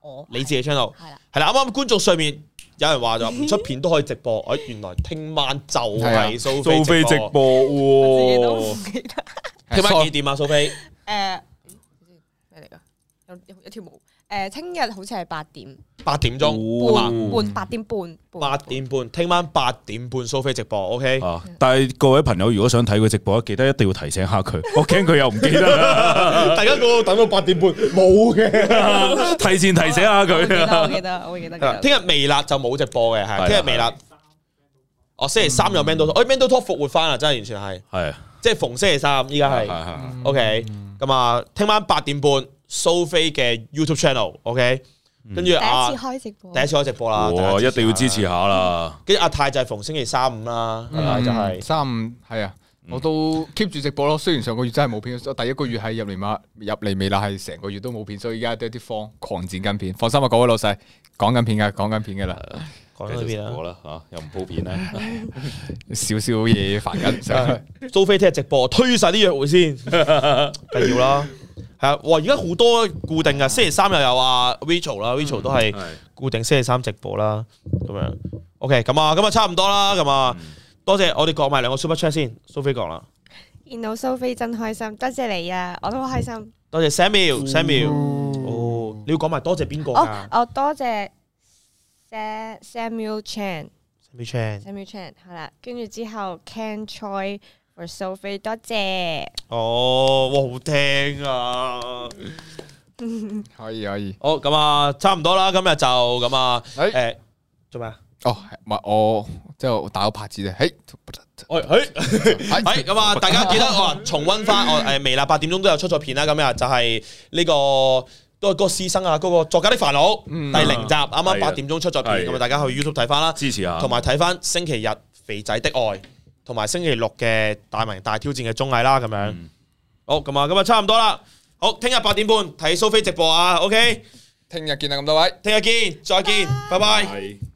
我你自己 channel 係啦的，係啦的，啱啱觀眾上面有人話就唔出片都可以直播，哎咦，原來聽晚就係蘇蘇菲直播喎。聽 晚幾點啊？蘇菲誒，咩嚟噶？有有一條毛。誒，聽日好似係八點，八點鐘，半八點半，八點半，聽晚八點半蘇菲直播，OK。但係各位朋友如果想睇佢直播，記得一定要提醒下佢，我驚佢又唔記得。大家個等到八點半，冇嘅，提前提醒下佢。記得，我記得，我記得。聽日微辣就冇直播嘅，係聽日微辣。哦，星期三有 Mando，哎，Mando 復活翻啦，真係完全係，係，即係逢星期三依家係，OK。咁啊，聽晚八點半。蘇菲嘅 YouTube channel，OK，跟住第一次開直播，第一次開直播啦，一定要支持下啦。跟住阿泰就係逢星期三五啦，阿泰就係三五係啊，我都 keep 住直播咯。雖然上個月真係冇片，我第一個月係入嚟嘛，入嚟未啦，係成個月都冇片，所以而家都有啲慌，狂剪緊片。放心啊，各位老細，講緊片噶，講緊片噶啦，講緊片啦，又唔鋪片咧，少少嘢煩緊。蘇菲聽日直播推晒啲約會先，緊要啦。係啊，哇！而家好多固定噶，星期三又有啊 Rachel 啦，Rachel 都係固定星期三直播啦，咁樣。OK，咁啊，咁啊，差唔多啦，咁啊，多謝我哋講埋兩個 Super Chat 先，蘇菲講啦。見到蘇菲真開心，多謝你啊，我都好開心。多謝 Samuel，Samuel，哦，你要講埋多謝邊個噶？哦，多謝 Sam Samuel Chan，Samuel Chan，Samuel Chan，係啦，跟住之後 Ken Choi。多謝哦，哇、oh, wow, 好聽啊，可以可以，好咁啊，差唔多啦，今日、oh, 就咁啊，誒做咩啊？哦，唔係我即係打個拍子啫，誒，哎哎咁啊，大家記得我重温翻我誒微辣，八點鐘都有出咗片啦，今日 就係呢、這個都係嗰個師生啊，嗰、那個作家的煩惱第零集，啱啱八點鐘出咗片，咁啊 大家去 YouTube 睇翻啦，支持啊，同埋睇翻星期日肥仔的愛。同埋星期六嘅大明大挑戰嘅綜藝啦，咁樣、嗯、好咁啊，咁啊差唔多啦，好，聽日八點半睇蘇菲直播啊，OK，聽日見啊，咁多位，聽日見，再見，拜拜 Bye。Bye bye。